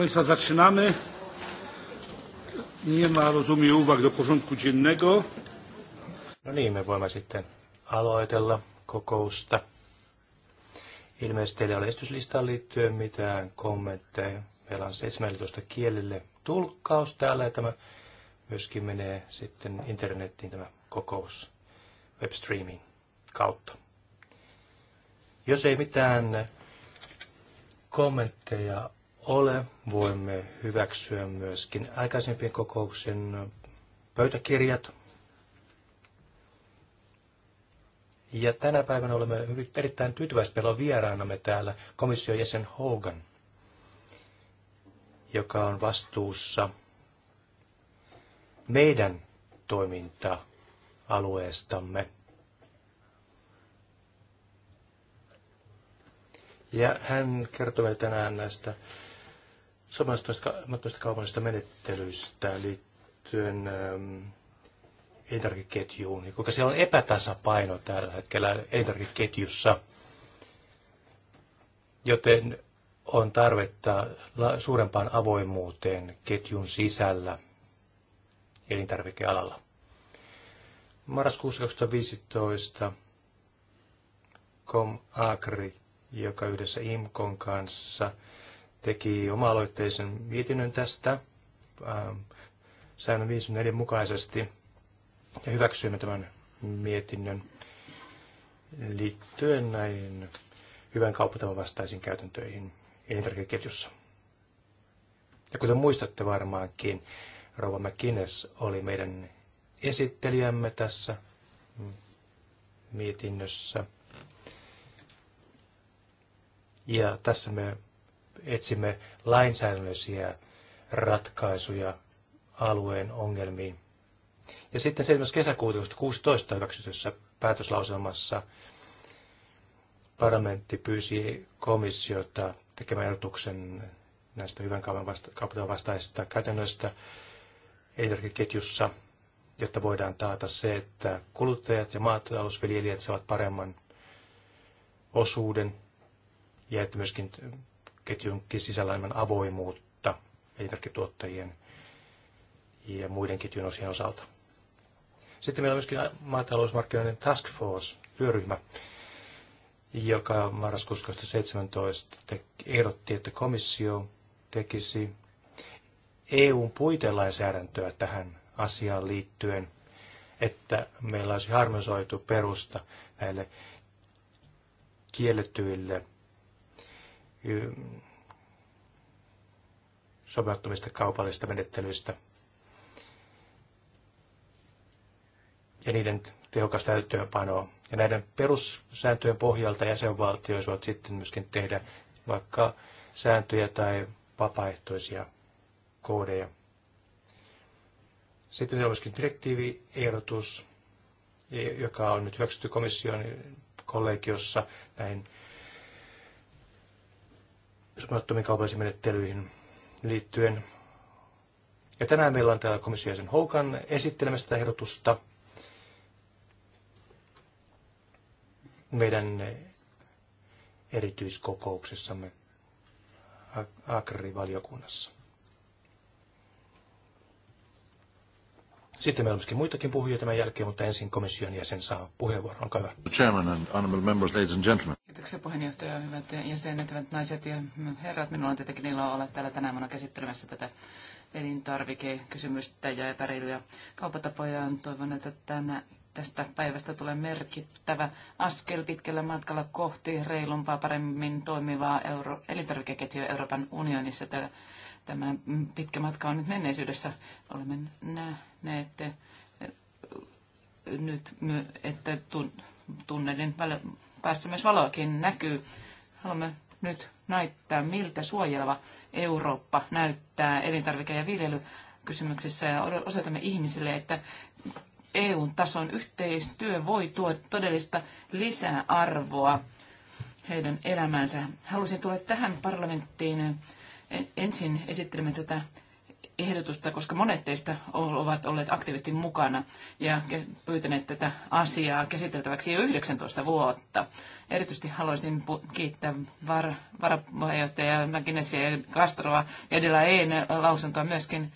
Państwa, zaczynamy. Nie ma, rozumiem, uwag do porządku dziennego. No niin, me voimme sitten aloitella kokousta. Ilmeisesti teillä ei esityslistaan liittyen mitään kommentteja. Meillä on 17 kielille tulkkaus täällä ja tämä myöskin menee sitten internettiin tämä kokous webstreamin kautta. Jos ei mitään kommentteja ole, voimme hyväksyä myöskin aikaisempien kokouksen pöytäkirjat. Ja tänä päivänä olemme erittäin tyytyväisiä. Meillä on vieraanamme täällä komission jäsen Hogan, joka on vastuussa meidän toiminta-alueestamme. Ja hän kertoi meille tänään näistä sopimusta kaupallisista menettelyistä liittyen ähm, elintarvikeketjuun, koska siellä on epätasapaino tällä hetkellä elintarvikeketjussa, joten on tarvetta suurempaan avoimuuteen ketjun sisällä elintarvikealalla. Marraskuussa 2015 Com Agri, joka yhdessä IMKon kanssa – teki oma-aloitteisen mietinnön tästä ähm, säännön 54 mukaisesti ja hyväksyimme tämän mietinnön liittyen näihin hyvän kauppatavan vastaisiin käytäntöihin elintarvikeketjussa. Ja kuten muistatte varmaankin, Rova McGuinness oli meidän esittelijämme tässä mietinnössä. Ja tässä me etsimme lainsäädännöllisiä ratkaisuja alueen ongelmiin. Ja sitten 7. kesäkuuta 2016 hyväksytyssä päätöslauselmassa parlamentti pyysi komissiota tekemään ehdotuksen näistä hyvän kaupan vasta- vastaisista käytännöistä elintarvikeketjussa, jotta voidaan taata se, että kuluttajat ja maatalousviljelijät saavat paremman osuuden ja että myöskin ketjun sisällä enemmän avoimuutta elintarviketuottajien ja muiden ketjun osien osalta. Sitten meillä on myöskin maatalousmarkkinoiden task force, työryhmä, joka marraskuussa 2017 ehdotti, että komissio tekisi EUn puitelainsäädäntöä tähän asiaan liittyen, että meillä olisi harmonisoitu perusta näille kielletyille sopeuttumista kaupallisista menettelyistä ja niiden tehokas täyttöönpanoa. Ja näiden perussääntöjen pohjalta jäsenvaltioissa voivat sitten myöskin tehdä vaikka sääntöjä tai vapaaehtoisia koodeja. Sitten on myöskin direktiiviehdotus, joka on nyt hyväksytty komission kollegiossa näihin sopimattomiin kaupallisiin menettelyihin liittyen. Ja tänään meillä on täällä jäsen Houkan esittelemässä tätä ehdotusta. Meidän erityiskokouksessamme Agri-valiokunnassa. Sitten meillä on myöskin muitakin puhujia tämän jälkeen, mutta ensin komission jäsen saa puheenvuoron. Olkaa hyvä. Chairman and honorable members, ladies and gentlemen. Kiitoksia puheenjohtaja, hyvät jäsenet, hyvät naiset ja herrat. Minulla on tietenkin ilo olla täällä tänä aamuna käsittelemässä tätä elintarvikekysymystä ja epäreiluja kaupatapoja. Toivon, että tänä, tästä päivästä tulee merkittävä askel pitkällä matkalla kohti reilumpaa, paremmin toimivaa euro, elintarvikeketjua Euroopan unionissa. Tämä pitkä matka on nyt menneisyydessä. Olemme nähneet eh, nyt, että tunnelin päässä myös valoakin näkyy. Haluamme nyt näyttää, miltä suojeleva Eurooppa näyttää elintarvike- ja viljelykysymyksissä ja osoitamme ihmisille, että EU-tason yhteistyö voi tuoda todellista lisäarvoa heidän elämänsä. Halusin tulla tähän parlamenttiin ensin esittelemään tätä ehdotusta, koska monet teistä ovat olleet aktiivisesti mukana ja pyytäneet tätä asiaa käsiteltäväksi jo 19 vuotta. Erityisesti haluaisin kiittää var- varapuheenjohtaja Mäkinesiä ja Castroa ja Dela Eene lausuntoa myöskin.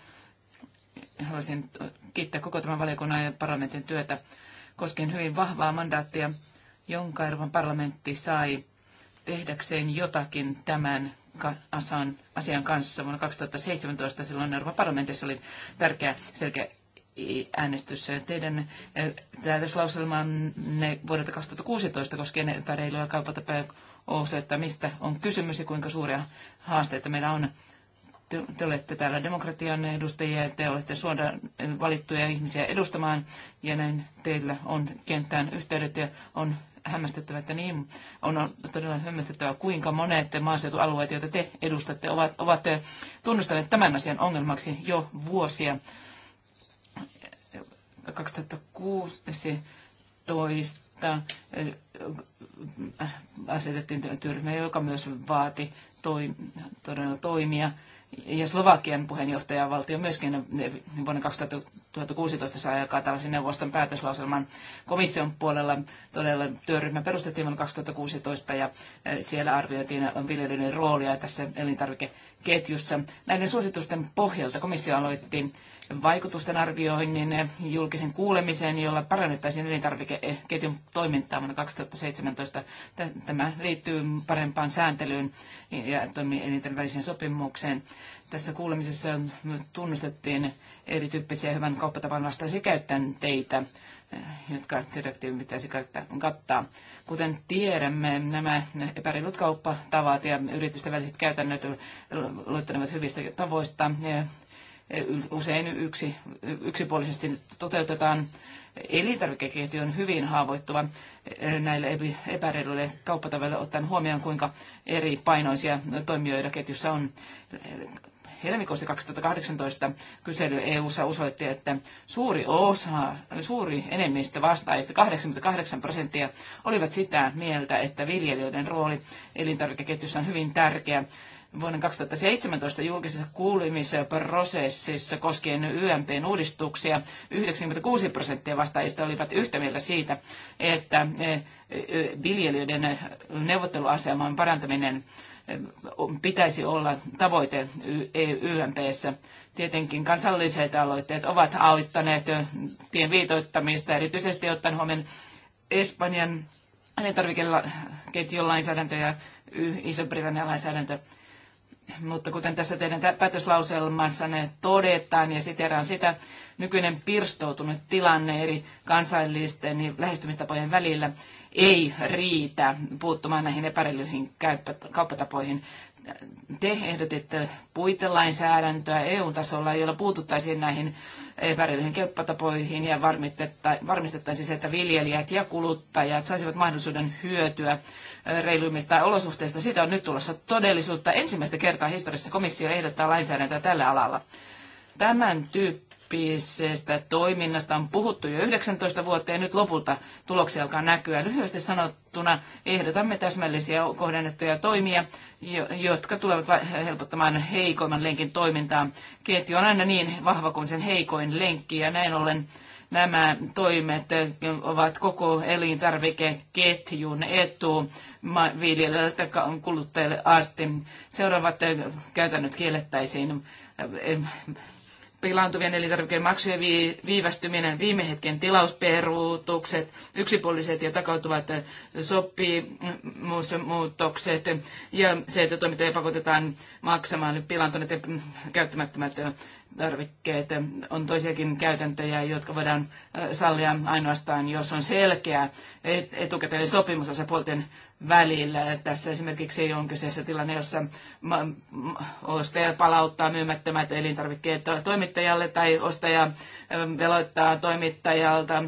Haluaisin kiittää koko tämän valiokunnan ja parlamentin työtä koskien hyvin vahvaa mandaattia, jonka Euroopan parlamentti sai tehdäkseen jotakin tämän asan, asian kanssa vuonna 2017. Silloin Euroopan parlamentissa oli tärkeä selkeä äänestys. Teidän eh, päätöslauselmanne vuodelta 2016 koskien epäreilua kaupatapäin osoittaa, mistä on kysymys ja kuinka suuria haasteita meillä on. Te, te olette täällä demokratian edustajia ja te olette suoraan eh, valittuja ihmisiä edustamaan ja näin teillä on kenttään yhteydet ja on hämmästyttävää, että niin on todella hämmästyttävää, kuinka monet maaseutualueet, joita te edustatte, ovat, ovat tunnustaneet tämän asian ongelmaksi jo vuosia. 2016 asetettiin työryhmä, joka myös vaati toi, todella toimia. Ja Slovakian puheenjohtajavaltio myöskin vuonna 2016 sai aikaa tällaisen neuvoston päätöslauselman komission puolella. Todella työryhmä perustettiin vuonna 2016 ja eh, siellä arvioitiin viljelijöiden roolia tässä elintarvikeketjussa. Näiden suositusten pohjalta komissio aloitti vaikutusten arvioinnin eh, julkisen kuulemisen, jolla parannettaisiin elintarvikeketjun toimintaa vuonna 2017. Tämä liittyy parempaan sääntelyyn ja toimielinten väliseen sopimukseen. Tässä kuulemisessa tunnustettiin erityyppisiä hyvän kauppatavan vastaisia käytänteitä, eh, jotka direktiivin pitäisi kattaa. Kuten tiedämme, nämä epäreilut kauppatavat ja yritysten väliset käytännöt luettelevat hyvistä tavoista. Usein yksi, yksipuolisesti toteutetaan elintarvikeketju on hyvin haavoittuva eh, näille epäreiluille kauppatavoille ottaen huomioon, kuinka eri painoisia toimijoita ketjussa on. Helmikuussa 2018 kysely EU:ssa osoitti, että suuri osa, suuri enemmistö vastaajista, 88 prosenttia, olivat sitä mieltä, että viljelijöiden rooli elintarvikeketjussa on hyvin tärkeä vuoden 2017 julkisessa kuulemisprosessissa koskien YMPn uudistuksia 96 prosenttia vastaajista olivat yhtä mieltä siitä, että eh, viljelijöiden neuvotteluaseman parantaminen eh, pitäisi olla tavoite YMPssä. Eh, Tietenkin kansalliset aloitteet ovat auttaneet tien viitoittamista, erityisesti ottaen huomioon Espanjan elintarvikeketjun lainsäädäntö ja Iso-Britannian lainsäädäntö mutta kuten tässä teidän päätöslauselmassanne todetaan ja siteraan sitä, nykyinen pirstoutunut tilanne eri kansallisten lähestymistapojen välillä ei riitä puuttumaan näihin epäreilyihin kauppatapoihin te ehdotitte puitelainsäädäntöä EU-tasolla, jolla puututtaisiin näihin epäreiluihin keppatapoihin ja varmistettaisiin se, että viljelijät ja kuluttajat saisivat mahdollisuuden hyötyä reiluimmista olosuhteista. Siitä on nyt tulossa todellisuutta. Ensimmäistä kertaa historiassa komissio ehdottaa lainsäädäntöä tällä alalla. Tämän tyyppisestä toiminnasta on puhuttu jo 19 vuotta ja nyt lopulta tuloksia alkaa näkyä. Lyhyesti sanottuna ehdotamme täsmällisiä kohdennettuja toimia, jotka tulevat helpottamaan heikoimman lenkin toimintaa. Ketju on aina niin vahva kuin sen heikoin lenkki ja näin ollen nämä toimet ovat koko elintarvikeketjun etu viljelijältä kuluttajille asti. Seuraavat käytännöt kiellettäisiin pilaantuvien elintarvikemaksujen viivästyminen, viime hetken tilausperuutukset, yksipuoliset ja takautuvat sopimusmuutokset ja se, että toimittajia pakotetaan maksamaan pilaantuneet ja käyttämättömät tarvikkeet. On toisiakin käytäntöjä, jotka voidaan sallia ainoastaan, jos on selkeä etukäteinen sopimus osapuolten välillä. Tässä esimerkiksi on kyseessä tilanne, jossa ostaja palauttaa myymättömät elintarvikkeet toimittajalle tai ostaja veloittaa toimittajalta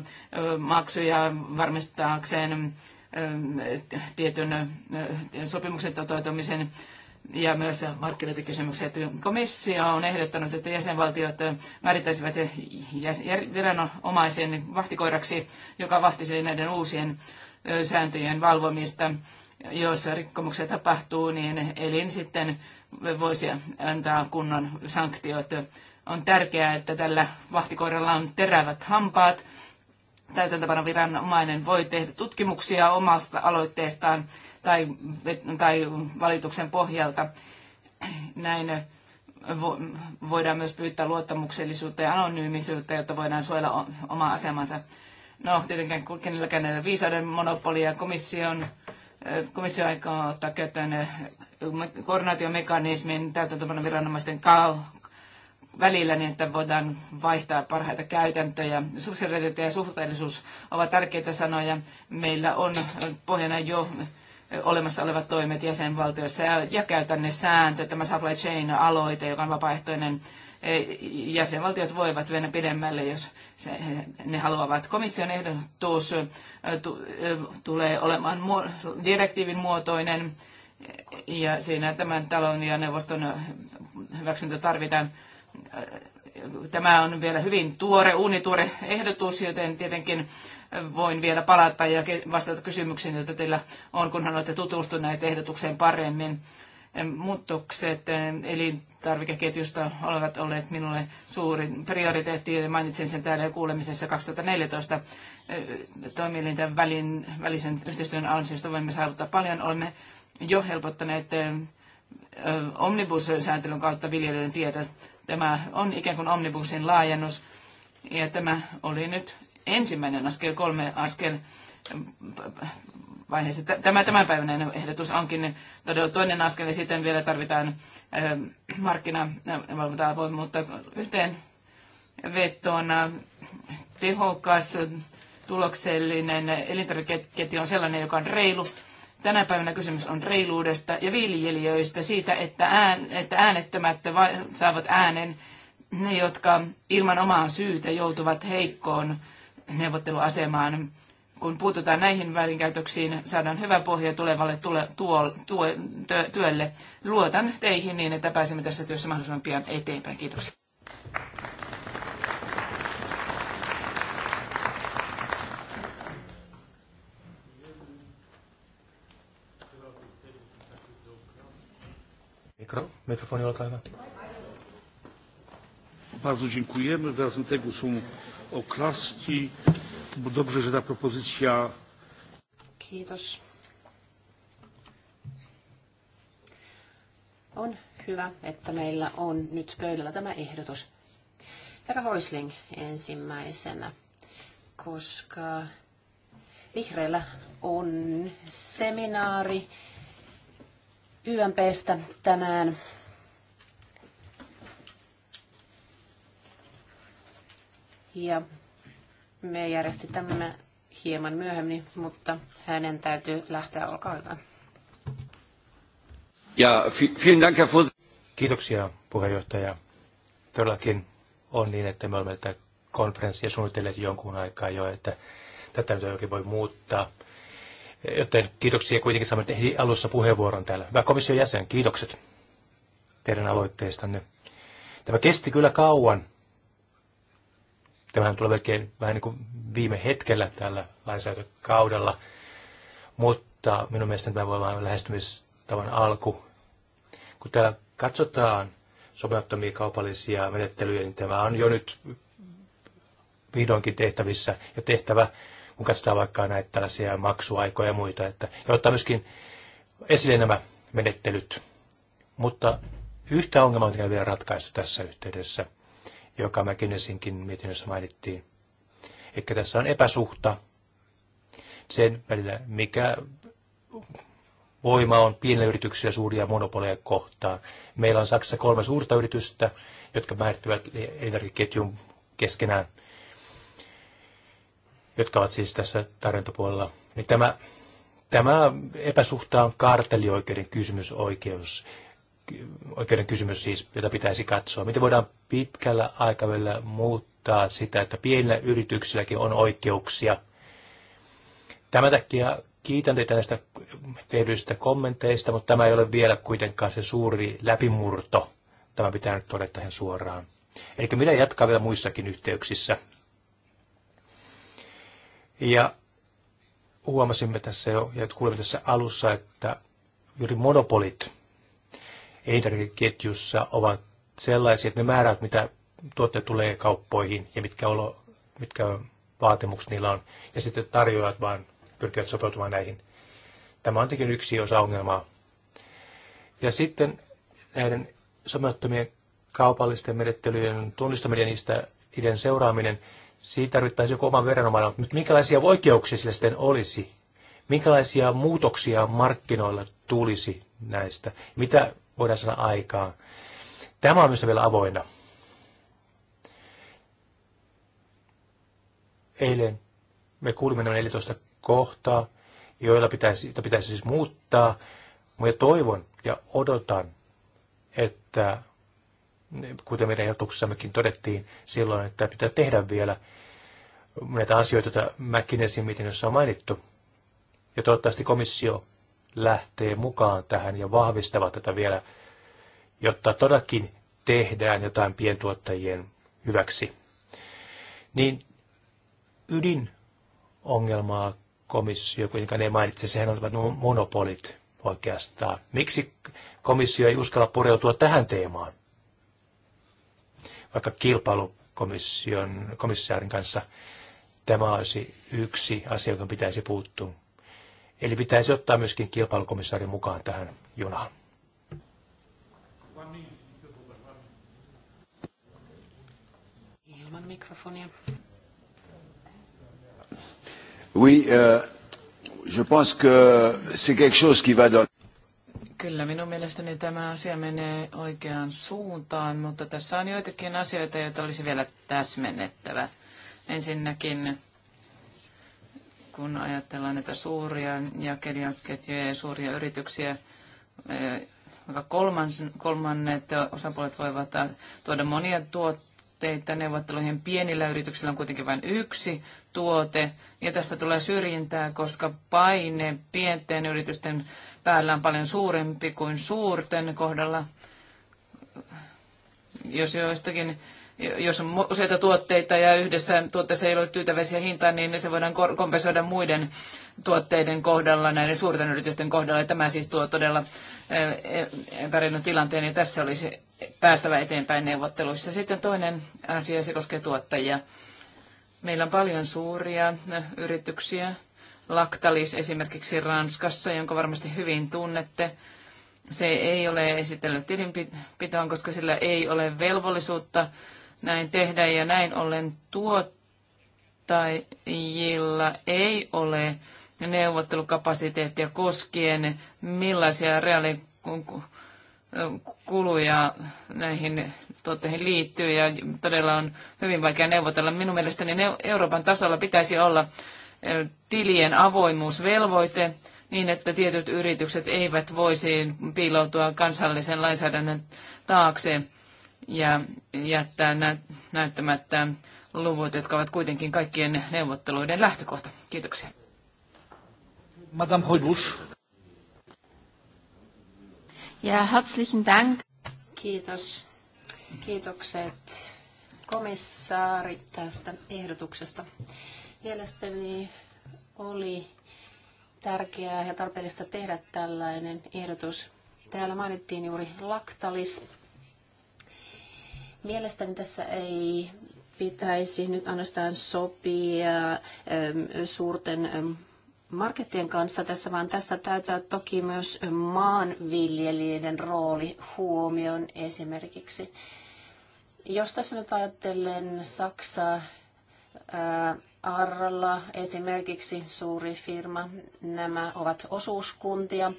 maksuja varmistaakseen tietyn sopimuksen toteutumisen ja myös markkinointikysymykset. Komissio on ehdottanut, että jäsenvaltiot määrittäisivät viranomaisen vahtikoiraksi, joka vahtisi näiden uusien sääntöjen valvomista. Jos rikkomuksia tapahtuu, niin elin sitten voisi antaa kunnon sanktiot. On tärkeää, että tällä vahtikoiralla on terävät hampaat. Täytäntöpanoviranomainen voi tehdä tutkimuksia omasta aloitteestaan tai, tai valituksen pohjalta. Näin voidaan myös pyytää luottamuksellisuutta ja anonyymisyyttä, jotta voidaan suojella omaa asemansa. No, tietenkään kenelläkään ei ole viisauden monopolia. Komission, komissio aikaa ottaa käyttöön koordinaatiomekanismin täytäntöpanon viranomaisten välillä niin, että voidaan vaihtaa parhaita käytäntöjä. Subsidiariteetti ja suhteellisuus ovat tärkeitä sanoja. Meillä on pohjana jo olemassa olevat toimet jäsenvaltioissa ja käytännön sääntö, tämä supply chain-aloite, joka on vapaaehtoinen e, jäsenvaltiot voivat mennä pidemmälle, jos se, ne haluavat. Komission ehdotus e, e, tulee olemaan direktiivin muotoinen ja siinä tämän talon ja neuvoston hyväksyntä tarvitaan. Tämä on vielä hyvin tuore, uunituore ehdotus, joten tietenkin voin vielä palata ja vastata kysymyksiin, joita teillä on, kunhan olette tutustuneet ehdotukseen paremmin. Muutokset elintarvikeketjusta olivat olleet minulle suurin prioriteetti ja mainitsin sen täällä kuulemisessa 2014 toimielinten välin, välisen yhteistyön ansiosta voimme saavuttaa paljon. Olemme jo helpottaneet omnibus-sääntelyn kautta viljelijöiden tietä. Tämä on ikään kuin omnibusin laajennus. Ja tämä oli nyt ensimmäinen askel, kolme askel vaiheessa. Tämä tämänpäiväinen ehdotus onkin todella toinen askel ja sitten vielä tarvitaan ähm, markkinavalvontaa muuttaa yhteen vetoon äh, tehokas, tuloksellinen elintarvikeketju on sellainen, joka on reilu. Tänä päivänä kysymys on reiluudesta ja viljelijöistä siitä, että, ään, että äänettömät saavat äänen ne, jotka ilman omaa syytä joutuvat heikkoon neuvotteluasemaan. Kun puututaan näihin väärinkäytöksiin, saadaan hyvä pohja tulevalle tule, tuo, tuo, tö, työlle. Luotan teihin niin, että pääsemme tässä työssä mahdollisimman pian eteenpäin. kiitos. Mikro, mikrofoni, olkaa hyvä. Bardzo dziękujemy. Wyrazem tego są oklaski. Bo dobrze, że ta propozycja. Kiitos. On hyvä, että meillä on nyt pöydällä tämä ehdotus. Herra Hoisling ensimmäisenä, koska vihreillä on seminaari YMPstä tänään Ja me järjestetään hieman myöhemmin, mutta hänen täytyy lähteä. Olkaa hyvä. Ja, vielen Dank, Herr Kiitoksia, puheenjohtaja. Todellakin on niin, että me olemme tätä konferenssia suunnitelleet jonkun aikaa jo, että tätä nyt oikein voi muuttaa. Joten kiitoksia kuitenkin saamme alussa puheenvuoron täällä. Hyvä komission jäsen, kiitokset teidän aloitteistanne. Tämä kesti kyllä kauan, Tämähän tulee melkein vähän niin kuin viime hetkellä tällä lainsäädäntökaudella, mutta minun mielestäni tämä voi olla lähestymistavan alku. Kun täällä katsotaan sopeuttamia kaupallisia menettelyjä, niin tämä on jo nyt vihdoinkin tehtävissä ja tehtävä, kun katsotaan vaikka näitä tällaisia maksuaikoja ja muita, että, ja ottaa myöskin esille nämä menettelyt. Mutta yhtä ongelmaa on vielä ratkaistu tässä yhteydessä joka McKinseykin mietinnössä mainittiin. Eli tässä on epäsuhta sen välillä, mikä voima on pienillä yrityksillä suuria monopoleja kohtaan. Meillä on Saksassa kolme suurta yritystä, jotka määrittävät elintarvikeketjun keskenään, jotka ovat siis tässä tarjontapuolella. Eli tämä, tämä epäsuhta on kartelioikeuden kysymys oikeus oikeuden kysymys siis, jota pitäisi katsoa. Miten voidaan pitkällä aikavälillä muuttaa sitä, että pienillä yrityksilläkin on oikeuksia. Tämän takia kiitän teitä näistä tehdyistä kommenteista, mutta tämä ei ole vielä kuitenkaan se suuri läpimurto. Tämä pitää nyt todeta ihan suoraan. Eli mitä jatkaa vielä muissakin yhteyksissä. Ja huomasimme tässä jo, ja kuulimme tässä alussa, että juuri monopolit elintarvikeketjussa ovat sellaisia, että ne määrät, mitä tuotteet tulee kauppoihin ja mitkä, olo, mitkä vaatimukset niillä on. Ja sitten tarjoajat vaan pyrkivät sopeutumaan näihin. Tämä on tietenkin yksi osa ongelmaa. Ja sitten näiden someuttamien kaupallisten menettelyjen tunnistaminen ja niistä niiden seuraaminen, siitä tarvittaisiin joku oma veranomainen, mutta minkälaisia oikeuksia sillä sitten olisi? Minkälaisia muutoksia markkinoilla tulisi näistä? Mitä voidaan saada aikaan. Tämä on myös vielä avoinna. Eilen me kuulimme noin 14 kohtaa, joilla pitäisi, joita pitäisi siis muuttaa. mutta toivon ja odotan, että kuten meidän ehdotuksessammekin todettiin silloin, että pitää tehdä vielä näitä asioita, joita McKinseyin mietinnössä on mainittu. Ja toivottavasti komissio lähtee mukaan tähän ja vahvistavat tätä vielä, jotta todellakin tehdään jotain pientuottajien hyväksi. Niin ydinongelmaa komissio kuitenkaan ne mainitsi, sehän on monopolit oikeastaan. Miksi komissio ei uskalla pureutua tähän teemaan? Vaikka kilpailukomission komissaarin kanssa tämä olisi yksi asia, johon pitäisi puuttua Eli pitäisi ottaa myöskin kilpailukomissaari mukaan tähän junaan. Ilman mikrofonia. Oui, euh, je pense que c'est quelque chose qui va dans... Kyllä minun mielestäni tämä asia menee oikeaan suuntaan, mutta tässä on joitakin asioita, joita olisi vielä täsmennettävä. Ensinnäkin kun ajatellaan näitä suuria jakelijaketjuja ja suuria yrityksiä, eh, kolmans, kolmannet osapuolet voivat tuoda monia tuotteita neuvotteluihin. Pienillä yrityksillä on kuitenkin vain yksi tuote, ja tästä tulee syrjintää, koska paine pienten yritysten päällä on paljon suurempi kuin suurten kohdalla. Jos joistakin jos on useita tuotteita ja yhdessä tuotteessa ei ole tyytäväisiä hintaa, niin se voidaan kompensoida muiden tuotteiden kohdalla, näiden suurten yritysten kohdalla. Tämä siis tuo todella e- epäreilun tilanteen ja tässä olisi päästävä eteenpäin neuvotteluissa. Sitten toinen asia, se koskee tuottajia. Meillä on paljon suuria yrityksiä. Lactalis esimerkiksi Ranskassa, jonka varmasti hyvin tunnette se ei ole esitellyt tilinpitoon, koska sillä ei ole velvollisuutta näin tehdä ja näin ollen tuottajilla ei ole neuvottelukapasiteettia koskien, millaisia reaalikuluja näihin tuotteihin liittyy ja todella on hyvin vaikea neuvotella. Minun mielestäni Euroopan tasolla pitäisi olla tilien avoimuusvelvoite niin, että tietyt yritykset eivät voisi piiloutua kansallisen lainsäädännön taakse ja jättää nä- näyttämättä luvut, jotka ovat kuitenkin kaikkien neuvotteluiden lähtökohta. Kiitoksia. Madame Hoibush. Ja herzlichen Dank. Kiitos. Kiitokset komissaari tästä ehdotuksesta. Mielestäni oli tärkeää ja tarpeellista tehdä tällainen ehdotus. Täällä mainittiin juuri laktalis Mielestäni tässä ei pitäisi nyt ainoastaan sopia ähm, suurten ähm, markettien kanssa tässä, vaan tässä täytyy toki myös maanviljelijöiden rooli huomioon esimerkiksi. Jos tässä nyt ajattelen Saksaa, äh, Arralla esimerkiksi suuri firma, nämä ovat osuuskuntia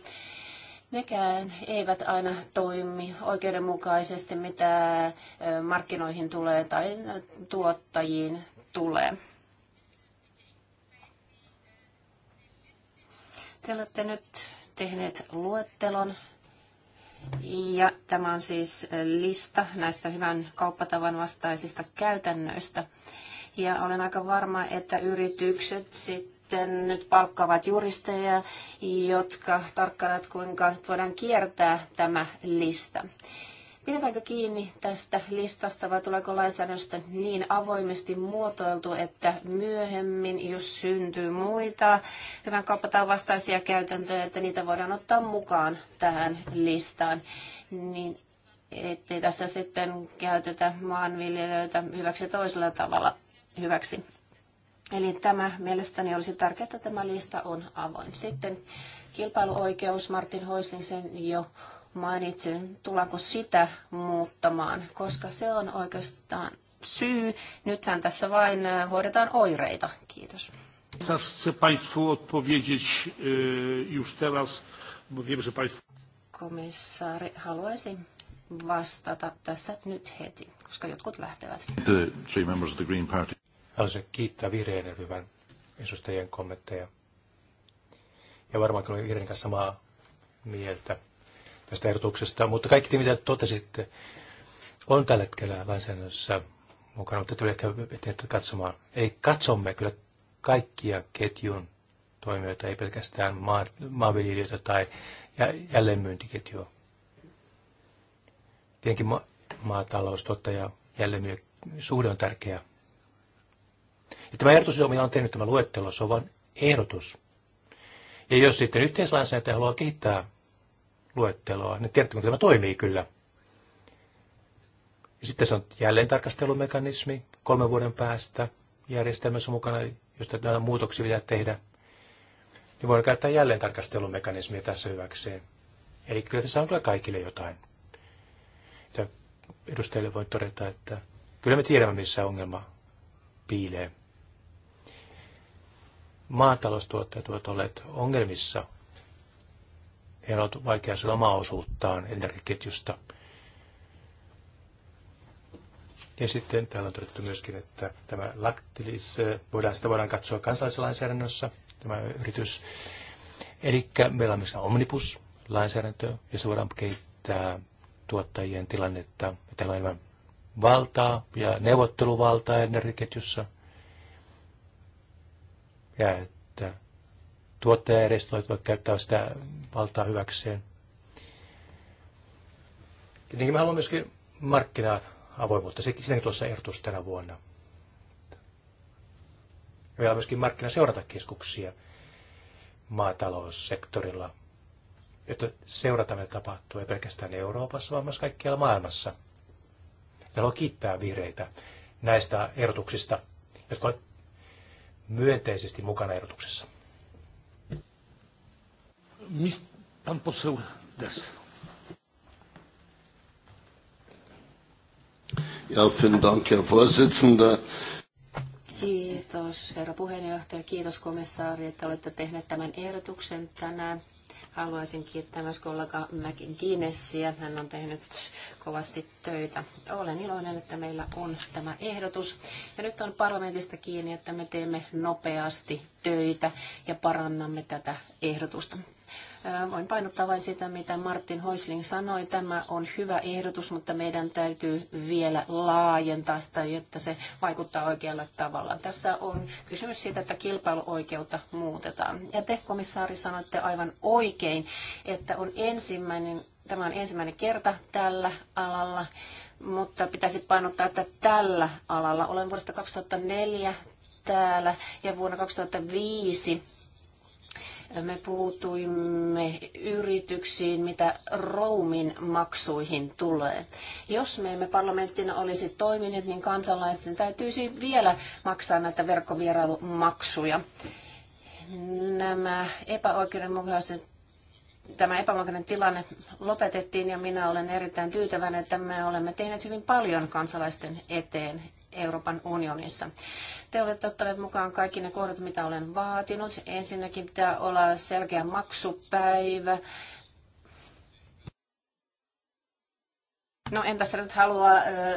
nekään eivät aina toimi oikeudenmukaisesti, mitä markkinoihin tulee tai tuottajiin tulee. Te olette nyt tehneet luettelon ja tämä on siis lista näistä hyvän kauppatavan vastaisista käytännöistä. Ja olen aika varma, että yritykset sitten sitten nyt palkkaavat juristeja, jotka tarkkaavat, kuinka voidaan kiertää tämä lista. Pidetäänkö kiinni tästä listasta vai tuleeko lainsäädännöstä niin avoimesti muotoiltu, että myöhemmin, jos syntyy muita hyvän kauppataan vastaisia käytäntöjä, että niitä voidaan ottaa mukaan tähän listaan, niin ettei tässä sitten käytetä maanviljelijöitä hyväksi toisella tavalla hyväksi. Eli tämä mielestäni olisi tärkeää, että tämä lista on avoin. Sitten kilpailuoikeus, Martin sen jo mainitsin, tullaanko sitä muuttamaan, koska se on oikeastaan syy. Nythän tässä vain äh, hoidetaan oireita. Kiitos. Chcę Państwu odpowiedzieć już teraz, bo wiem, że Państwo... Komissaari haluaisi vastata tässä nyt heti, koska jotkut lähtevät. The members of the Green Party. Haluaisin kiittää Vireen hyvän esustajien kommentteja. Ja varmaan kyllä Vireen kanssa samaa mieltä tästä ehdotuksesta. Mutta kaikki mitä totesitte, on tällä hetkellä lainsäädännössä mukana, mutta tulee ehkä katsomaan. Eli katsomme kyllä kaikkia ketjun toimijoita, ei pelkästään maa, maanviljelijöitä tai jälleenmyyntiketjua. Tietenkin ma- maataloustuottaja jälleenmyyntiketjua. suhde on tärkeä ja tämä ehdotus, jonka on tehnyt tämä luettelo, se on vain ehdotus. Ja jos sitten yhteislainsäätäjä haluaa kehittää luetteloa, niin tiedätte, tämä toimii kyllä. Ja sitten se on jälleen tarkastelumekanismi kolmen vuoden päästä järjestelmässä mukana, josta näitä muutoksia pitää tehdä. Niin voidaan käyttää jälleen tarkastelumekanismia tässä hyväkseen. Eli kyllä tässä on kyllä kaikille jotain. Ja edustajille voi todeta, että kyllä me tiedämme, missä ongelma piilee maataloustuottajat ovat olleet ongelmissa. He on vaikea sillä omaa osuuttaan energiaketjusta. Ja sitten täällä on todettu myöskin, että tämä laktilis, eh, voidaan, sitä voidaan katsoa kansallislainsäädännössä, tämä yritys. Eli meillä on myös omnibus-lainsäädäntö, jossa voidaan kehittää tuottajien tilannetta. Täällä on enemmän valtaa ja neuvotteluvaltaa energiaketjussa – ja että tuottajajärjestöt voivat käyttää sitä valtaa hyväkseen. Tietenkin me haluamme myöskin markkina-avoimuutta, sitäkin tuossa ehdotus tänä vuonna. Ja vielä myöskin markkinaseurantakeskuksia maataloussektorilla, jotta seurata, mitä tapahtuu, ei pelkästään Euroopassa, vaan myös kaikkialla maailmassa. Ja haluan kiittää vireitä näistä ehdotuksista, jotka ovat myönteisesti mukana ehdotuksessa. Pan poseł Des. Ja, vielen Dank, Herr Vorsitzender. Kiitos herra puheenjohtaja, kiitos komissaari, että olette tehneet tämän ehdotuksen tänään. Haluaisin kiittää myös kollega Mäkin Kiinessiä. Hän on tehnyt kovasti töitä. Olen iloinen, että meillä on tämä ehdotus. Ja nyt on parlamentista kiinni, että me teemme nopeasti töitä ja parannamme tätä ehdotusta. Äh, voin painottaa vain sitä, mitä Martin Hoisling sanoi. Tämä on hyvä ehdotus, mutta meidän täytyy vielä laajentaa sitä, jotta se vaikuttaa oikealla tavalla. Tässä on kysymys siitä, että kilpailuoikeutta muutetaan. Ja te, komissaari, sanoitte aivan oikein, että on ensimmäinen, tämä on ensimmäinen kerta tällä alalla, mutta pitäisi painottaa, että tällä alalla olen vuodesta 2004 täällä ja vuonna 2005 me puutuimme yrityksiin, mitä roomin maksuihin tulee. Jos me emme parlamenttina olisi toimineet, niin kansalaisten täytyisi vielä maksaa näitä verkkovierailumaksuja. Nämä epäoikeudenmukaiset tämä epäoikeuden tilanne lopetettiin ja minä olen erittäin tyytyväinen, että me olemme tehneet hyvin paljon kansalaisten eteen Euroopan unionissa. Te olette ottaneet mukaan kaikki ne kohdat, mitä olen vaatinut. Ensinnäkin pitää olla selkeä maksupäivä. No en tässä nyt halua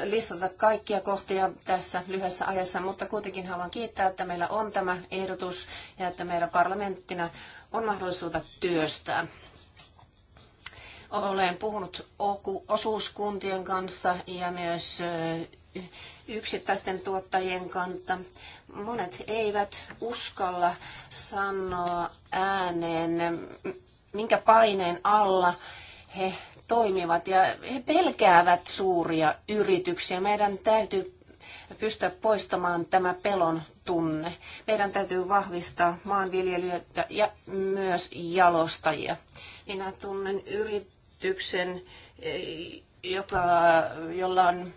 listata kaikkia kohtia tässä lyhyessä ajassa, mutta kuitenkin haluan kiittää, että meillä on tämä ehdotus ja että meillä parlamenttina on mahdollisuutta työstää. Olen puhunut osuuskuntien kanssa ja myös yksittäisten tuottajien kanta. Monet eivät uskalla sanoa ääneen, minkä paineen alla he toimivat ja he pelkäävät suuria yrityksiä. Meidän täytyy pystyä poistamaan tämä pelon tunne. Meidän täytyy vahvistaa maanviljelijöitä ja myös jalostajia. Minä tunnen yrityksen, joka, jolla on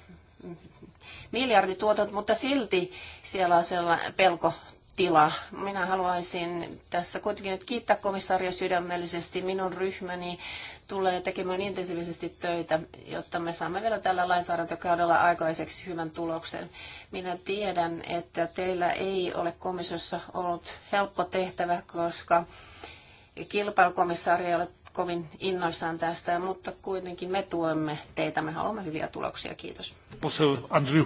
miljardituotot, mutta silti siellä on sellainen pelko tila. Minä haluaisin tässä kuitenkin nyt kiittää komissaario sydämellisesti. Minun ryhmäni tulee tekemään intensiivisesti töitä, jotta me saamme vielä tällä lainsäädäntökaudella aikaiseksi hyvän tuloksen. Minä tiedän, että teillä ei ole komissiossa ollut helppo tehtävä, koska kilpailukomissaari ei ole kovin innoissaan tästä, mutta kuitenkin me tuemme teitä. Me haluamme hyviä tuloksia. Kiitos. Andrew.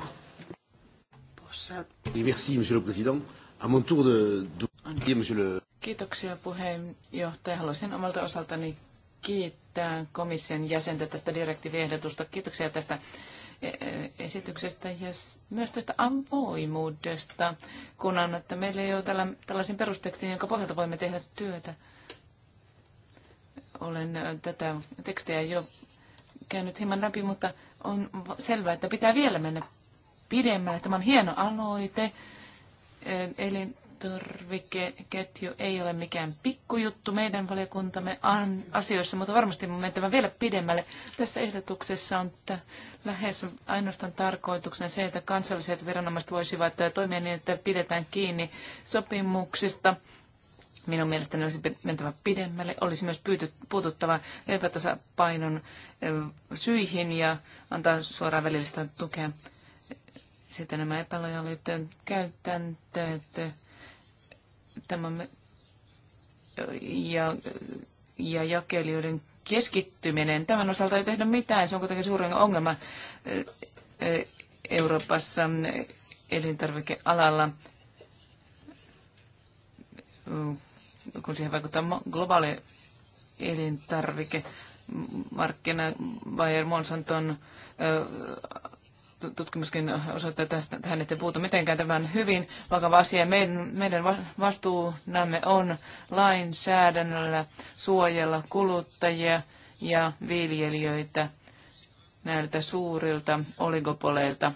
Merci, monsieur le président. À mon tour de, monsieur le... Kiitoksia puheenjohtaja. Haluaisin omalta osaltani kiittää komission jäsentä tästä direktiiviehdotusta. Kiitoksia tästä e, e, esityksestä ja myös tästä avoimuudesta, kun annatte meille jo tällaisen perustekstin, jonka pohjalta voimme tehdä työtä. Olen äh, tätä tekstiä jo käynyt hieman läpi, mutta on selvää, että pitää vielä mennä pidemmälle. Tämä on hieno aloite. Äh, elintarvikeketju ei ole mikään pikkujuttu meidän valiokuntamme asioissa, mutta varmasti on mentävä vielä pidemmälle. Tässä ehdotuksessa on että lähes ainoastaan tarkoituksena se, että kansalliset viranomaiset voisivat äh, toimia niin, että pidetään kiinni sopimuksista – Minun mielestäni olisi mentävä pidemmälle. Olisi myös puututtava epätasapainon syihin ja antaa suoraan välillistä tukea. Sitten nämä epälojaalit käytäntöt. Tämä ja, ja jakelijoiden keskittyminen. Tämän osalta ei tehdä mitään. Se on kuitenkin suurin ongelma Euroopassa elintarvikealalla kun siihen vaikuttaa globaali elintarvike. Markkina Bayer Monsanton tutkimuskin osoittaa tästä, tähän, ettei puutu mitenkään tämän hyvin vakava asia. Meidän, meidän vastuunamme on lainsäädännöllä suojella kuluttajia ja viljelijöitä näiltä suurilta oligopoleilta.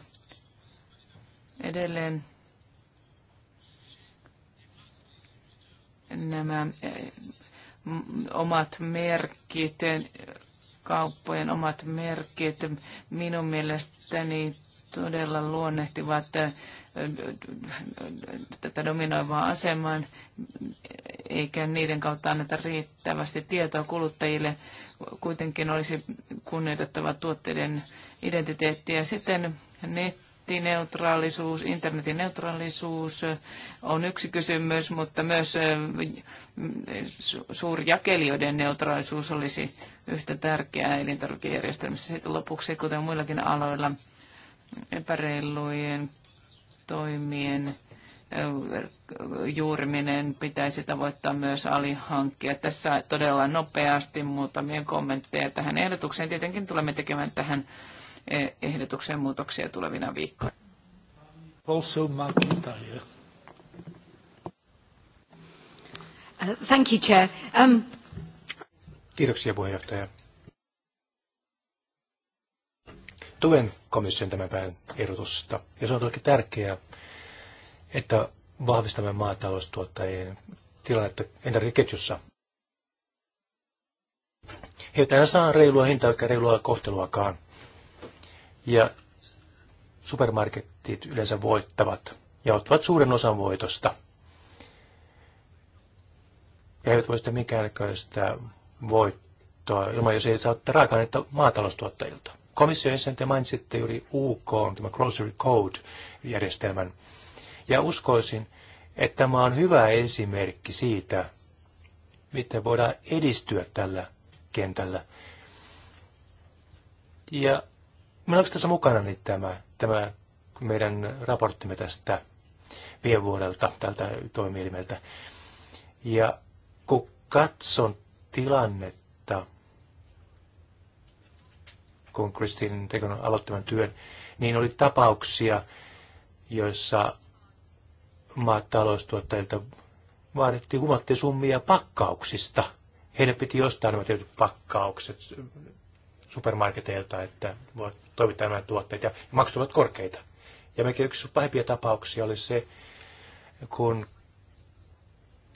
Edelleen nämä eh, omat merkit, kauppojen omat merkit minun mielestäni todella luonnehtivat eh, tätä dominoivaa asemaa, eikä niiden kautta anneta riittävästi tietoa kuluttajille. Kuitenkin olisi kunnioitettava tuotteiden identiteettiä. Sitten net nettineutraalisuus, internetin neutraalisuus on yksi kysymys, mutta myös suurjakelijoiden neutraalisuus olisi yhtä tärkeää elintarvikejärjestelmässä. Sitten lopuksi, kuten muillakin aloilla, epäreilujen toimien juuriminen pitäisi tavoittaa myös alihankkia. Tässä todella nopeasti muutamia kommentteja tähän ehdotukseen. Tietenkin tulemme tekemään tähän E- ehdotuksen muutoksia tulevina viikkoina. Uh, thank you, Chair. Um... Kiitoksia puheenjohtaja. Tuen komission tämän päivän ehdotusta ja se on toki tärkeää, että vahvistamme maataloustuottajien tilannetta energiaketjussa. Heitä eivät saa reilua hintaa eikä reilua kohteluakaan ja supermarketit yleensä voittavat ja ottavat suuren osan voitosta. Ja eivät voi sitä mikäänköistä voittoa ilman, jos ei saa raaka että maataloustuottajilta. Komissio jäsen te mainitsitte juuri UK, tämä Grocery Code-järjestelmän. Ja uskoisin, että tämä on hyvä esimerkki siitä, miten voidaan edistyä tällä kentällä. Ja Meillä onko tässä mukana niin tämä, tämä meidän raporttimme tästä viime vuodelta tältä toimielimeltä. Ja kun katson tilannetta, kun Kristin Tekon aloittaman työn, niin oli tapauksia, joissa maataloustuottajilta vaadittiin huomattavia summia pakkauksista. Heidän piti ostaa nämä tietyt pakkaukset supermarketeilta, että voivat toimittaa nämä tuotteet ja maksut ovat korkeita. Ja mekin yksi pahimpia tapauksia oli se, kun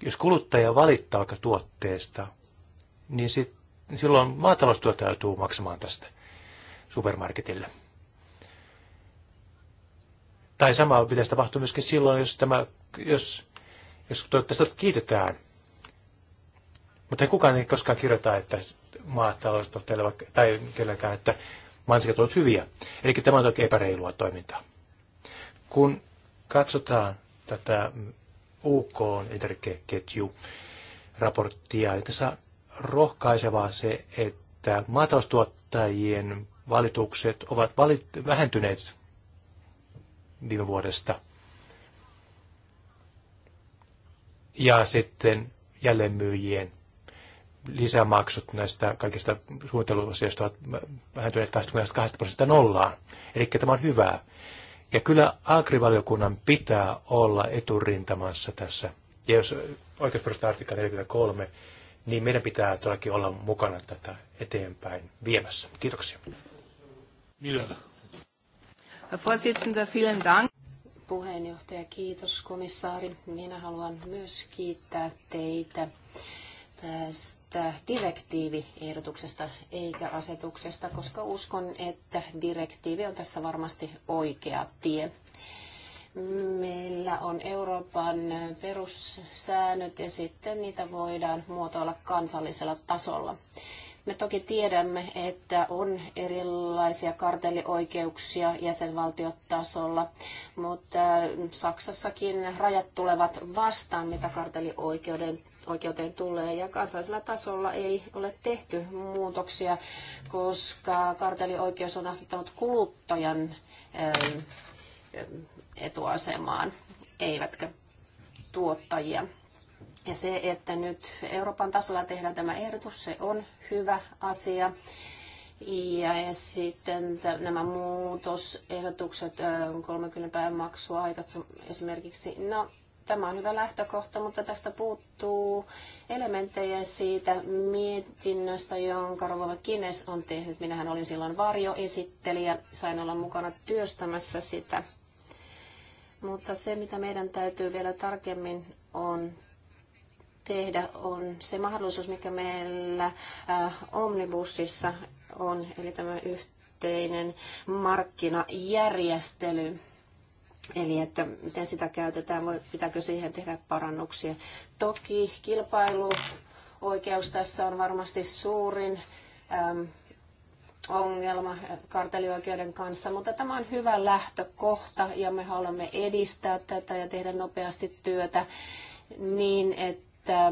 jos kuluttaja valittaa vaikka tuotteesta, niin sit, silloin maataloustuottaja joutuu maksamaan tästä supermarketille. Tai sama pitäisi tapahtua myöskin silloin, jos, tämä, jos, jos toivottavasti kiitetään. Mutta ei kukaan ei koskaan kirjoita, että maataloustuottajille tai kenellekään, että mansikat ovat hyviä. Eli tämä on oikein epäreilua toimintaa. Kun katsotaan tätä UK elintarvikeketju raporttia, niin tässä on rohkaisevaa se, että maataloustuottajien valitukset ovat valit- vähentyneet viime vuodesta. Ja sitten jälleenmyyjien lisämaksut näistä kaikista suunnitteluasioista ovat vähentyneet 22 prosenttia nollaan. Eli tämä on hyvää. Ja kyllä agrivaliokunnan pitää olla eturintamassa tässä. Ja jos oikeusperusta artikla 43, niin meidän pitää todellakin olla mukana tätä eteenpäin viemässä. Kiitoksia. Millä? Puheenjohtaja, kiitos komissaari. Minä haluan myös kiittää teitä tästä direktiiviehdotuksesta eikä asetuksesta, koska uskon, että direktiivi on tässä varmasti oikea tie. Meillä on Euroopan perussäännöt ja sitten niitä voidaan muotoilla kansallisella tasolla. Me toki tiedämme, että on erilaisia kartellioikeuksia jäsenvaltiotasolla, mutta Saksassakin rajat tulevat vastaan, mitä kartellioikeuden oikeuteen tulee. Ja kansallisella tasolla ei ole tehty muutoksia, koska kartelioikeus on asettanut kuluttajan ähm, ähm, etuasemaan, eivätkä tuottajia. Ja se, että nyt Euroopan tasolla tehdään tämä ehdotus, se on hyvä asia. Ja sitten nämä muutosehdotukset, 30 äh, päivän maksua esimerkiksi, no Tämä on hyvä lähtökohta, mutta tästä puuttuu elementtejä siitä mietinnöstä, jonka Rovova Kines on tehnyt. Minähän olin silloin varjoesittelijä, sain olla mukana työstämässä sitä. Mutta se, mitä meidän täytyy vielä tarkemmin on tehdä, on se mahdollisuus, mikä meillä äh, omnibussissa on, eli tämä yhteinen markkinajärjestely Eli että miten sitä käytetään, voi, pitääkö siihen tehdä parannuksia. Toki kilpailuoikeus tässä on varmasti suurin äm, ongelma kartelioikeuden kanssa, mutta tämä on hyvä lähtökohta ja me haluamme edistää tätä ja tehdä nopeasti työtä niin, että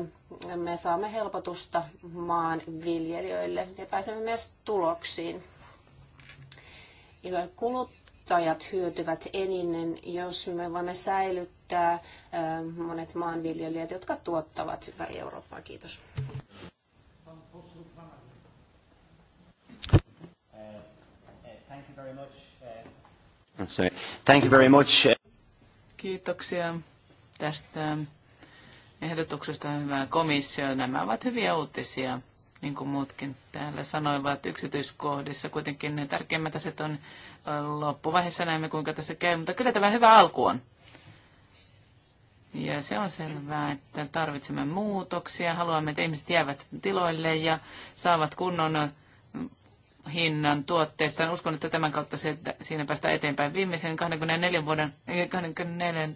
me saamme helpotusta maan viljelijöille ja pääsemme myös tuloksiin. kulut kuluttajat hyötyvät eniten, jos me voimme säilyttää monet maanviljelijät, jotka tuottavat ympäri Eurooppaa. Kiitos. Thank you very much. Kiitoksia tästä ehdotuksesta, hyvää komissio. Nämä ovat hyviä uutisia niin kuin muutkin täällä sanoivat, yksityiskohdissa kuitenkin ne tärkeimmät asiat on loppuvaiheessa näemme, kuinka tässä käy, mutta kyllä tämä hyvä alku on. Ja se on selvää, että tarvitsemme muutoksia, haluamme, että ihmiset jäävät tiloille ja saavat kunnon hinnan tuotteista. Uskon, että tämän kautta se, että siinä päästään eteenpäin. Viimeisen 24 vuoden, 24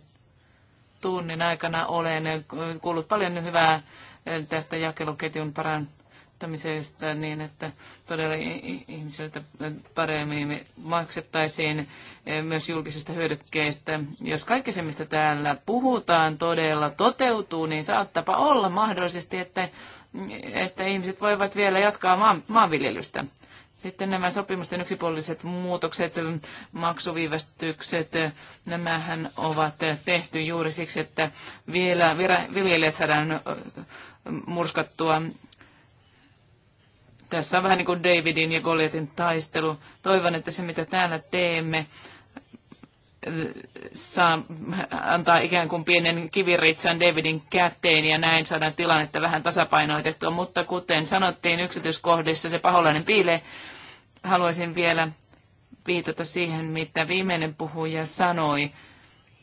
tunnin aikana olen kuullut paljon hyvää tästä jakeluketjun paran kattamisesta niin, että todella ihmisiltä paremmin maksettaisiin eh, myös julkisista hyödykkeistä. Jos kaikki se, mistä täällä puhutaan, todella toteutuu, niin saattapa olla mahdollisesti, että, että ihmiset voivat vielä jatkaa maan, maanviljelystä. Sitten nämä sopimusten yksipuoliset muutokset, maksuviivästykset, nämähän ovat tehty juuri siksi, että vielä viljelijät saadaan eh, murskattua tässä on vähän niin kuin Davidin ja Goliatin taistelu. Toivon, että se mitä täällä teemme saa antaa ikään kuin pienen kiviritsan Davidin käteen ja näin saadaan tilannetta vähän tasapainoitettua. Mutta kuten sanottiin yksityiskohdissa, se paholainen piilee. Haluaisin vielä viitata siihen, mitä viimeinen puhuja sanoi.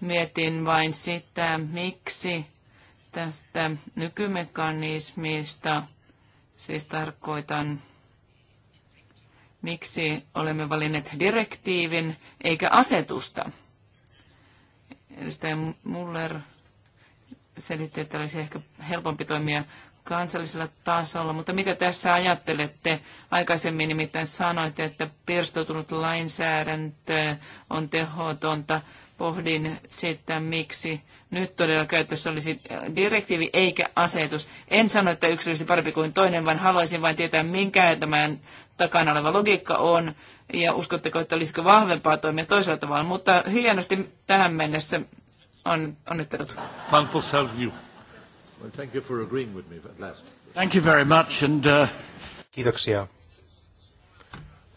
Mietin vain sitä, miksi tästä nykymekanismista Siis tarkoitan, miksi olemme valinneet direktiivin eikä asetusta. Edustaja Muller selitti, että olisi ehkä helpompi toimia kansallisella tasolla, mutta mitä tässä ajattelette? Aikaisemmin nimittäin sanoitte, että pirstoutunut lainsäädäntö on tehotonta pohdin sitä, miksi nyt todella käytössä olisi direktiivi eikä asetus. En sano, että yksi olisi parempi kuin toinen, vaan haluaisin vain tietää, minkä tämän takana oleva logiikka on, ja uskotteko, että olisiko vahvempaa toimia toisella tavalla. Mutta hienosti tähän mennessä on onnittelut. Well, thank you for agreeing with me at last. Thank you very much and, uh... Kiitoksia.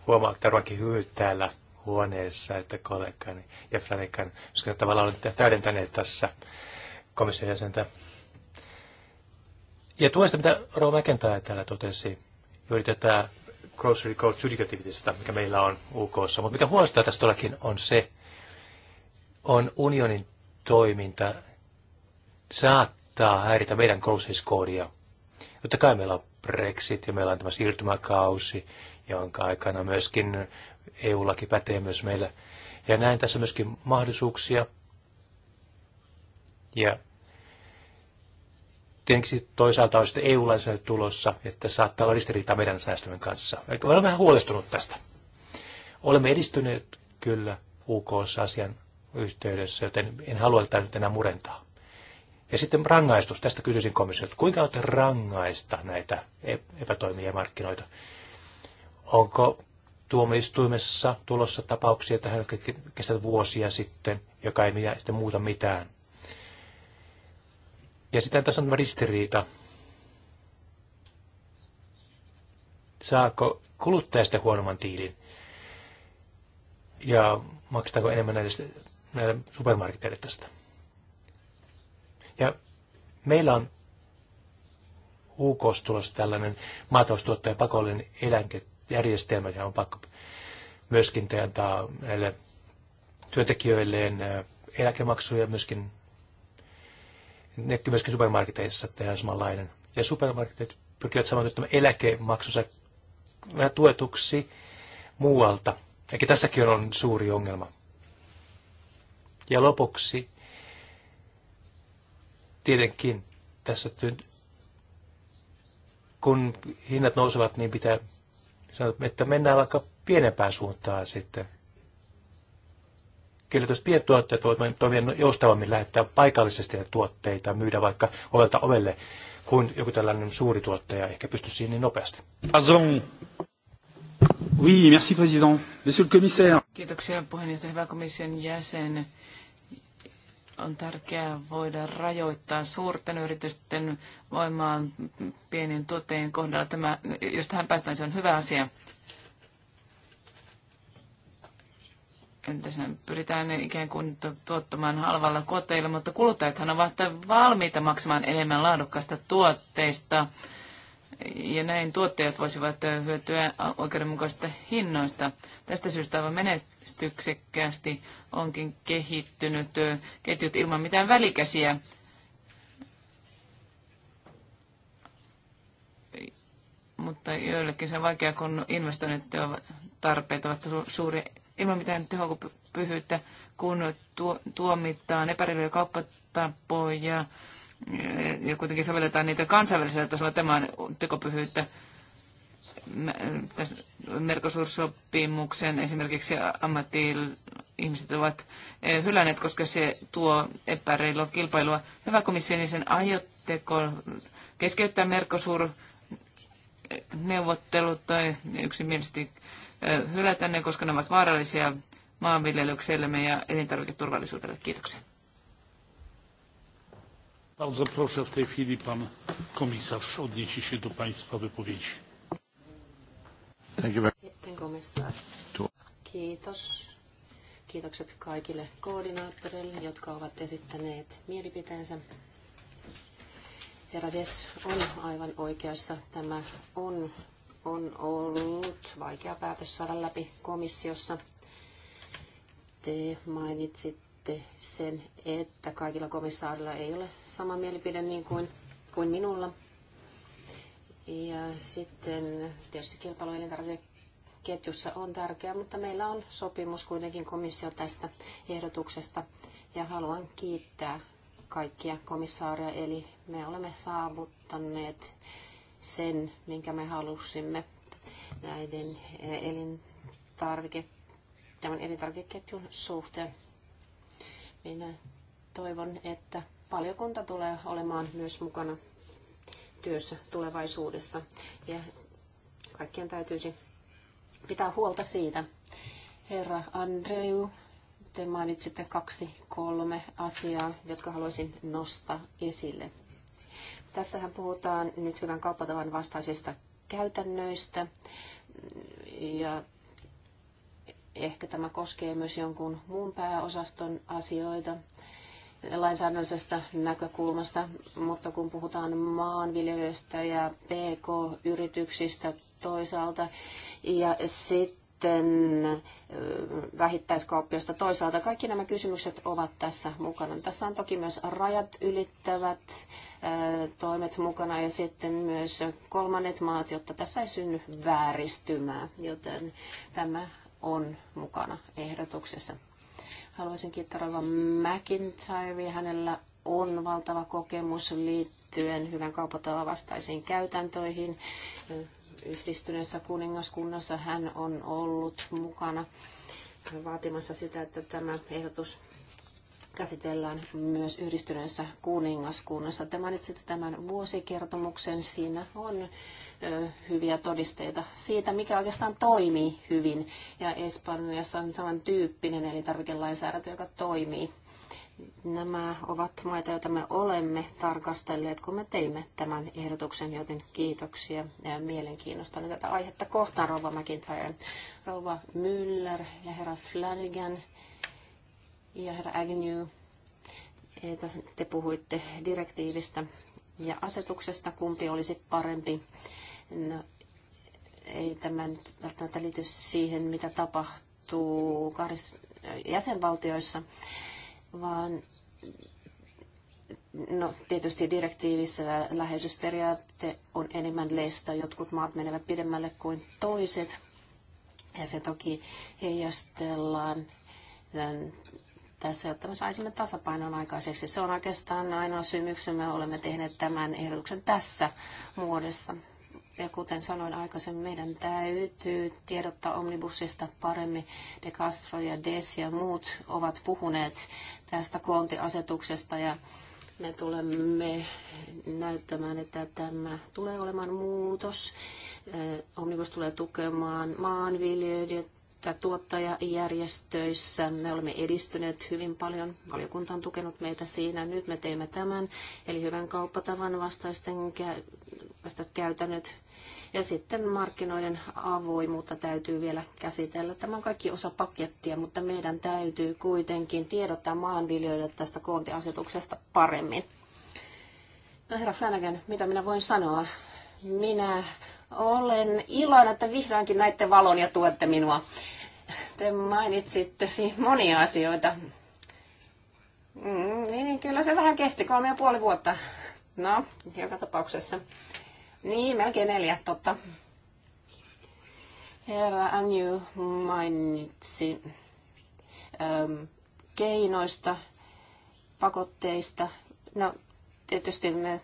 Huomaa, että hyvyyttä täällä huoneessa että kollegani ja Flanagan, koska tavallaan olette täydentäneet tässä komission jäsentä. Ja tuosta, mitä Rova McIntyre täällä totesi, juuri tätä Grocery Code Judicativitystä, mikä meillä on UK. Mutta mikä huolestuttaa tässä todellakin on se, on unionin toiminta saattaa häiritä meidän cross Codea. Totta kai meillä on Brexit ja meillä on tämä siirtymäkausi, jonka aikana myöskin EU-laki pätee myös meillä. Ja näen tässä myöskin mahdollisuuksia. Ja tietenkin toisaalta on sitten eu tulossa, että saattaa olla ristiriita meidän säästömme kanssa. Eli olen vähän huolestunut tästä. Olemme edistyneet kyllä UK-asian yhteydessä, joten en halua tätä nyt enää murentaa. Ja sitten rangaistus, tästä kysyisin komissiolta, kuinka olette rangaista näitä e- epätoimia markkinoita? Onko tuomioistuimessa tulossa tapauksia tähän, jotka kestävät vuosia sitten, joka ei mitään, sitten muuta mitään. Ja sitten tässä on ristiriita. Saako kuluttaja sitten huonomman tiilin? Ja maksetaanko enemmän näille, näille supermarketeille tästä? Ja meillä on UK tulossa tällainen maataloustuottajan pakollinen eläinkettä järjestelmä, ja on pakko myöskin antaa näille työntekijöilleen eläkemaksuja myöskin, nekin myöskin supermarketeissa tehdään samanlainen. Ja supermarketit pyrkivät saman tämän eläkemaksunsa tuetuksi muualta. Eikä tässäkin on suuri ongelma. Ja lopuksi, tietenkin tässä, kun hinnat nousevat, niin pitää että mennään vaikka pienempään suuntaan sitten. Kyllä tuossa pientuotteet voivat toimia joustavammin lähettää paikallisesti tuotteita, myydä vaikka ovelta ovelle, kun joku tällainen suuri tuottaja ehkä pystyy siihen niin nopeasti. Azon. Oui, merci président. Monsieur le commissaire. Kiitoksia puheenjohtaja, hyvä komission jäsen on tärkeää voida rajoittaa suurten yritysten voimaan pienien tuotteen kohdalla. Tämä, jos tähän päästään, se on hyvä asia. sen pyritään ikään kuin tuottamaan halvalla koteilla, mutta kuluttajathan ovat valmiita maksamaan enemmän laadukkaista tuotteista ja näin tuottajat voisivat hyötyä oikeudenmukaisista hinnoista. Tästä syystä aivan menestyksekkäästi onkin kehittynyt ketjut ilman mitään välikäsiä. Mutta joillekin se on vaikea, kun investoinnit tarpeet ovat suuri ilman mitään tehokapyhyyttä, kun tuomitaan epäreiluja kauppatapoja ja kuitenkin sovelletaan niitä kansainvälisellä tasolla. Tämä on tekopyhyyttä. sopimuksen esimerkiksi ammatti ihmiset ovat eh, hylänneet, koska se tuo epäreilua kilpailua. Hyvä komissio, niin sen aiotteko keskeyttää Merkosur eh, neuvottelut tai yksimielisesti eh, hylätä ne, koska ne ovat vaarallisia maanviljelyksellemme ja elintarviketurvallisuudelle. Kiitoksia. Bardzo proszę w tej chwili pan komisarz odniesie się do państwa wypowiedzi. Kiitos. Kiitokset kaikille koordinaattoreille, jotka ovat esittäneet mielipiteensä. Herra Des on aivan oikeassa. Tämä on, on ollut vaikea päätös saada läpi komissiossa. Te mainitsit tiedätte sen, että kaikilla komissaarilla ei ole sama mielipide niin kuin, kuin minulla. Ja sitten tietysti kilpailu ketjussa on tärkeää, mutta meillä on sopimus kuitenkin komissio tästä ehdotuksesta. Ja haluan kiittää kaikkia komissaaria, eli me olemme saavuttaneet sen, minkä me halusimme näiden elintarvike, tämän elintarvikeketjun suhteen minä niin, eh, toivon, että paljonkunta tulee olemaan myös mukana työssä tulevaisuudessa. Ja kaikkien täytyisi pitää huolta siitä. Herra Andreu, te mainitsitte kaksi, kolme asiaa, jotka haluaisin nostaa esille. Tässähän puhutaan nyt hyvän kauppatavan vastaisista käytännöistä ja Ehkä tämä koskee myös jonkun muun pääosaston asioita lainsäädännöllisestä näkökulmasta, mutta kun puhutaan maanviljelijöistä ja PK-yrityksistä toisaalta ja sitten vähittäiskauppiosta toisaalta, kaikki nämä kysymykset ovat tässä mukana. Tässä on toki myös rajat ylittävät toimet mukana ja sitten myös kolmannet maat, jotta tässä ei synny vääristymää, joten tämä on mukana ehdotuksessa. Haluaisin kiittää Rova McIntyre. Hänellä on valtava kokemus liittyen hyvän kauppatavan vastaisiin käytäntöihin. Yhdistyneessä kuningaskunnassa hän on ollut mukana vaatimassa sitä, että tämä ehdotus käsitellään myös yhdistyneessä kuningaskunnassa. Te mainitsitte tämän vuosikertomuksen. Siinä on hyviä todisteita siitä, mikä oikeastaan toimii hyvin. Ja Espanjassa on samantyyppinen elintarvikelainsäädäntö, joka toimii. Nämä ovat maita, joita me olemme tarkastelleet, kun me teimme tämän ehdotuksen, joten kiitoksia ja mielenkiinnosta tätä aihetta kohtaan, Rova McIntyre, Rova Müller ja herra Flanagan ja herra Agnew. Te puhuitte direktiivistä ja asetuksesta, kumpi olisi parempi. No, ei tämä nyt välttämättä liity siihen, mitä tapahtuu kahdessa äh, jäsenvaltioissa, vaan no, tietysti direktiivissä läheisyysperiaate on enemmän leistä. Jotkut maat menevät pidemmälle kuin toiset. Ja se toki heijastellaan tämän, tässä, jotta me saisimme tasapainon aikaiseksi. Se on oikeastaan ainoa syy, miksi me olemme tehneet tämän ehdotuksen tässä muodossa. Ja kuten sanoin aikaisemmin, meidän täytyy tiedottaa omnibussista paremmin. De Castro ja Des ja muut ovat puhuneet tästä koontiasetuksesta ja me tulemme näyttämään, että tämä tulee olemaan muutos. Eh, omnibus tulee tukemaan maanviljelijöitä tuottajajärjestöissä. Me olemme edistyneet hyvin paljon. Valiokunta on tukenut meitä siinä. Nyt me teemme tämän, eli hyvän kauppatavan vastaisten vastaiset käytännöt ja sitten markkinoiden avoimuutta täytyy vielä käsitellä. Tämä on kaikki osa pakettia, mutta meidän täytyy kuitenkin tiedottaa maanviljelijöille tästä koontiasetuksesta paremmin. No herra Flanagan, mitä minä voin sanoa? Minä olen iloinen, että vihdoinkin näitte valon ja tuette minua. Te mainitsitte monia asioita. Mm, niin kyllä se vähän kesti, kolme ja puoli vuotta. No, joka tapauksessa. Niin, melkein neljä, totta. Herra Anju mainitsi ähm, keinoista, pakotteista. No, tietysti me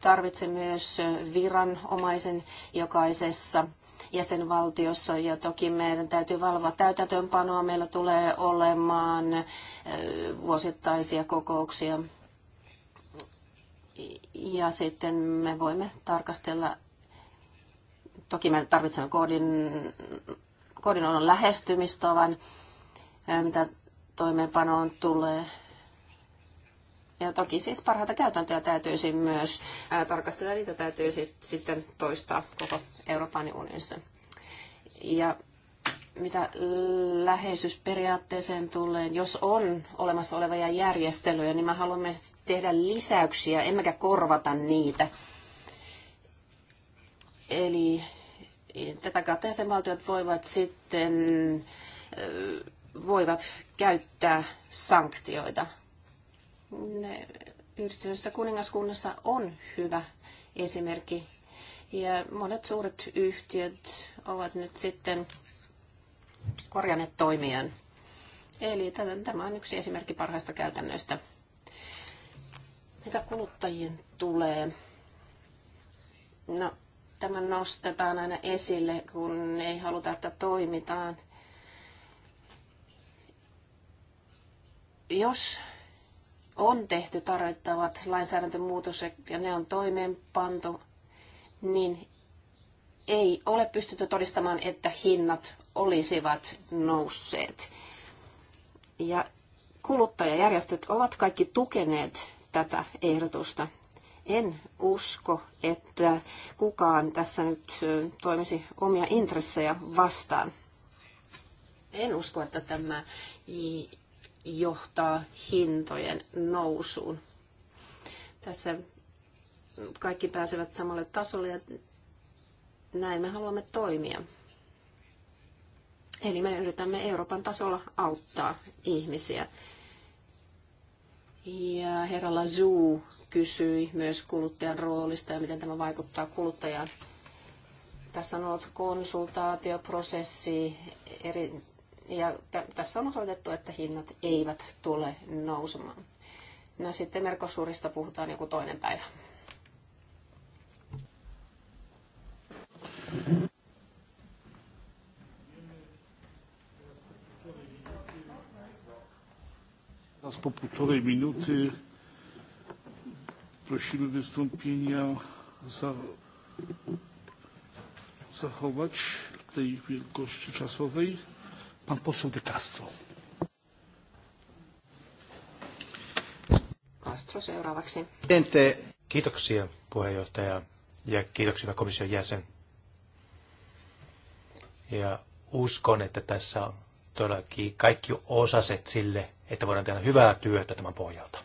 tarvitsemme myös viranomaisen jokaisessa jäsenvaltiossa ja toki meidän täytyy valvoa täytäntöönpanoa. Meillä tulee olemaan äh, vuosittaisia kokouksia ja sitten me voimme tarkastella, toki me tarvitsemme koodin, koordinoidun lähestymistavan, mitä toimeenpanoon tulee. Ja toki siis parhaita käytäntöjä täytyisi myös tarkastella, niitä täytyy sitten toistaa koko Euroopan unionissa. Ja mitä läheisyysperiaatteeseen tulee, jos on olemassa olevia järjestelyjä, niin haluan haluamme tehdä lisäyksiä, emmekä korvata niitä. Eli tätä kautta jäsenvaltiot voivat sitten voivat käyttää sanktioita. Ne yhdistyneessä kuningaskunnassa on hyvä esimerkki. Ja monet suuret yhtiöt ovat nyt sitten Korjanneet toimijan. Eli tämä on yksi esimerkki parhaista käytännöistä. Mitä kuluttajien tulee? No, tämä nostetaan aina esille, kun ei haluta, että toimitaan. Jos on tehty tarvittavat lainsäädäntömuutokset ja ne on toimeenpantu, niin ei ole pystytty todistamaan, että hinnat olisivat nousseet. Ja kuluttajajärjestöt ovat kaikki tukeneet tätä ehdotusta. En usko, että kukaan tässä nyt toimisi omia intressejä vastaan. En usko, että tämä johtaa hintojen nousuun. Tässä kaikki pääsevät samalle tasolle ja näin me haluamme toimia. Eli me yritämme Euroopan tasolla auttaa ihmisiä. Ja herra Lazou kysyi myös kuluttajan roolista ja miten tämä vaikuttaa kuluttajaan. Tässä on ollut konsultaatioprosessi eri, ja tässä on osoitettu, että hinnat eivät tule nousemaan. No sitten Merkosurista puhutaan joku toinen päivä. Teraz po półtorej minuty prosimy wystąpienia za, zachować tej wielkości czasowej. Pan poseł De Castro. Castro seuraavaksi. Kiitoksia puheenjohtaja ja kiitoksia komission jäsen. Ja uskon, että tässä on todellakin kaikki osaset sille, että voidaan tehdä hyvää työtä tämän pohjalta.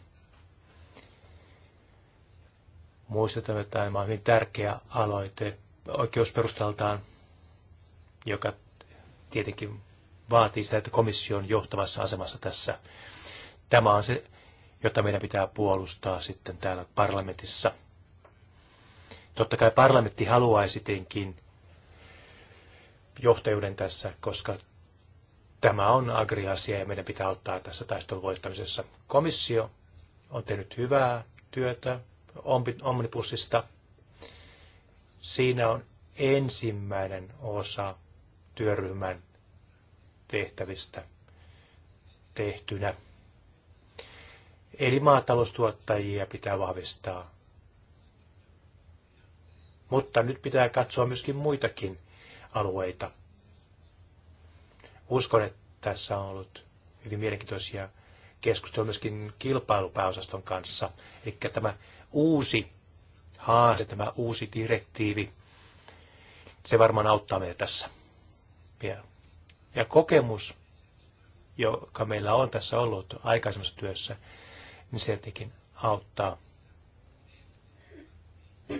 Muistetaan, että tämä on hyvin tärkeä aloite oikeusperustaltaan, joka tietenkin vaatii sitä, että komissio on johtavassa asemassa tässä. Tämä on se, jota meidän pitää puolustaa sitten täällä parlamentissa. Totta kai parlamentti haluaisi tietenkin johtajuuden tässä, koska Tämä on agriasia ja meidän pitää auttaa tässä taistelun voittamisessa. Komissio on tehnyt hyvää työtä omnipussista. Siinä on ensimmäinen osa työryhmän tehtävistä tehtynä. Eli maataloustuottajia pitää vahvistaa. Mutta nyt pitää katsoa myöskin muitakin alueita. Uskon, että tässä on ollut hyvin mielenkiintoisia keskusteluja myöskin kilpailupääosaston kanssa. Eli tämä uusi haaste, tämä uusi direktiivi, se varmaan auttaa meitä tässä. Ja, ja kokemus, joka meillä on tässä ollut aikaisemmassa työssä, niin se tietenkin auttaa.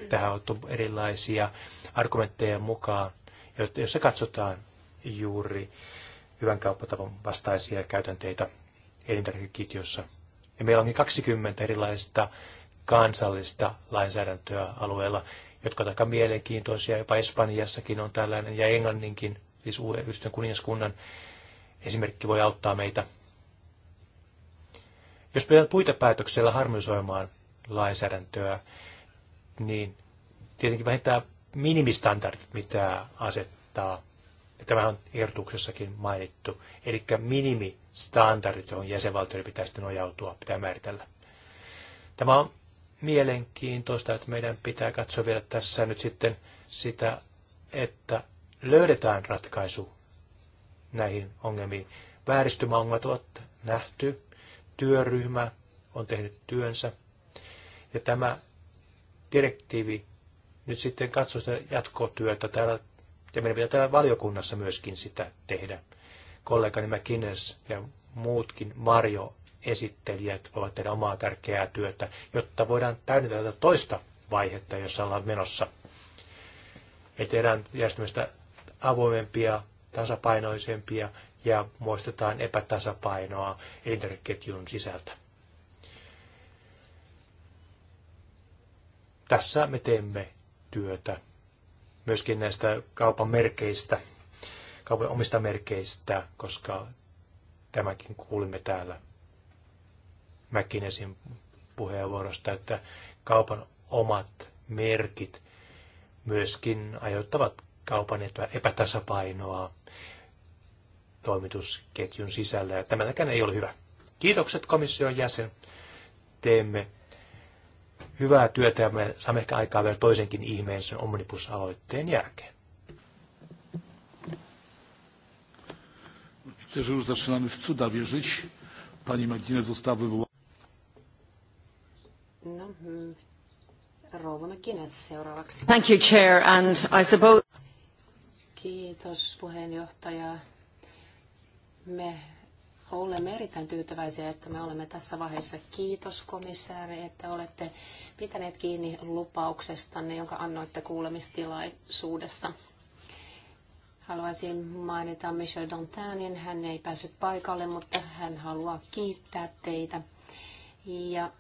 Tähän on erilaisia argumentteja mukaan, se katsotaan juuri hyvän kauppatavan vastaisia käytänteitä elintarvikeketjussa. Ja meillä onkin 20 erilaista kansallista lainsäädäntöä alueella, jotka ovat aika mielenkiintoisia. Jopa Espanjassakin on tällainen ja Englanninkin, siis yhdistön kuningaskunnan esimerkki voi auttaa meitä. Jos meidän puitepäätöksellä harmonisoimaan lainsäädäntöä, niin tietenkin vähintään minimistandardit mitä asettaa ja tämä on ehdotuksessakin mainittu, eli minimistandardit, johon jäsenvaltioiden pitäisi nojautua, pitää määritellä. Tämä on mielenkiintoista, että meidän pitää katsoa vielä tässä nyt sitten sitä, että löydetään ratkaisu näihin ongelmiin. Vääristymäongelmat on nähty, työryhmä on tehnyt työnsä, ja tämä direktiivi nyt sitten katsoo sitä jatkotyötä täällä ja meidän pitää täällä valiokunnassa myöskin sitä tehdä. Kollegani McInnes ja muutkin varjo esittelijät voivat tehdä omaa tärkeää työtä, jotta voidaan täydentää tätä toista vaihetta, jossa ollaan menossa. Ja tehdään järjestelmistä avoimempia, tasapainoisempia ja muistetaan epätasapainoa elintarvikeketjun sisältä. Tässä me teemme työtä myöskin näistä kaupan merkeistä, kaupan omista merkeistä, koska tämäkin kuulimme täällä Mäkinesin puheenvuorosta, että kaupan omat merkit myöskin aiheuttavat kaupan epätasapainoa toimitusketjun sisällä, ja tämäkään ei ole hyvä. Kiitokset komission jäsen. Teemme hyvää työtä ja me saamme ehkä aikaa vielä toisenkin ihmeen sen Omnibus-aloitteen jälkeen. zaczynamy w cuda wierzyć. Pani Magdine została wywołana. No, mm, rouva seuraavaksi. Thank you, Chair, and I suppose... Kiitos, puheenjohtaja. Me olemme erittäin tyytyväisiä, että me olemme tässä vaiheessa. Kiitos komissaari, että olette pitäneet kiinni lupauksestanne, jonka annoitte kuulemistilaisuudessa. Haluaisin mainita Michel Dantanin. Hän ei päässyt paikalle, mutta hän haluaa kiittää teitä. Ja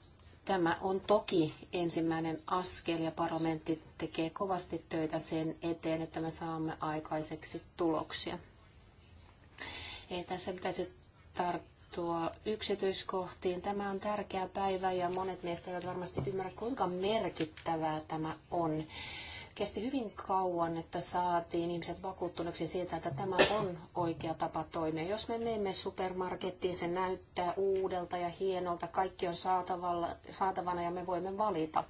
tämä on toki ensimmäinen askel ja parlamentti tekee kovasti töitä sen eteen, että me saamme aikaiseksi tuloksia. Ei tässä pitäisi tarttua yksityiskohtiin. Tämä on tärkeä päivä ja monet meistä eivät varmasti ymmärrä, kuinka merkittävää tämä on. Kesti hyvin kauan, että saatiin ihmiset vakuuttuneeksi siitä, että tämä on oikea tapa toimia. Jos me menemme supermarkettiin, se näyttää uudelta ja hienolta, kaikki on saatavalla, saatavana ja me voimme valita.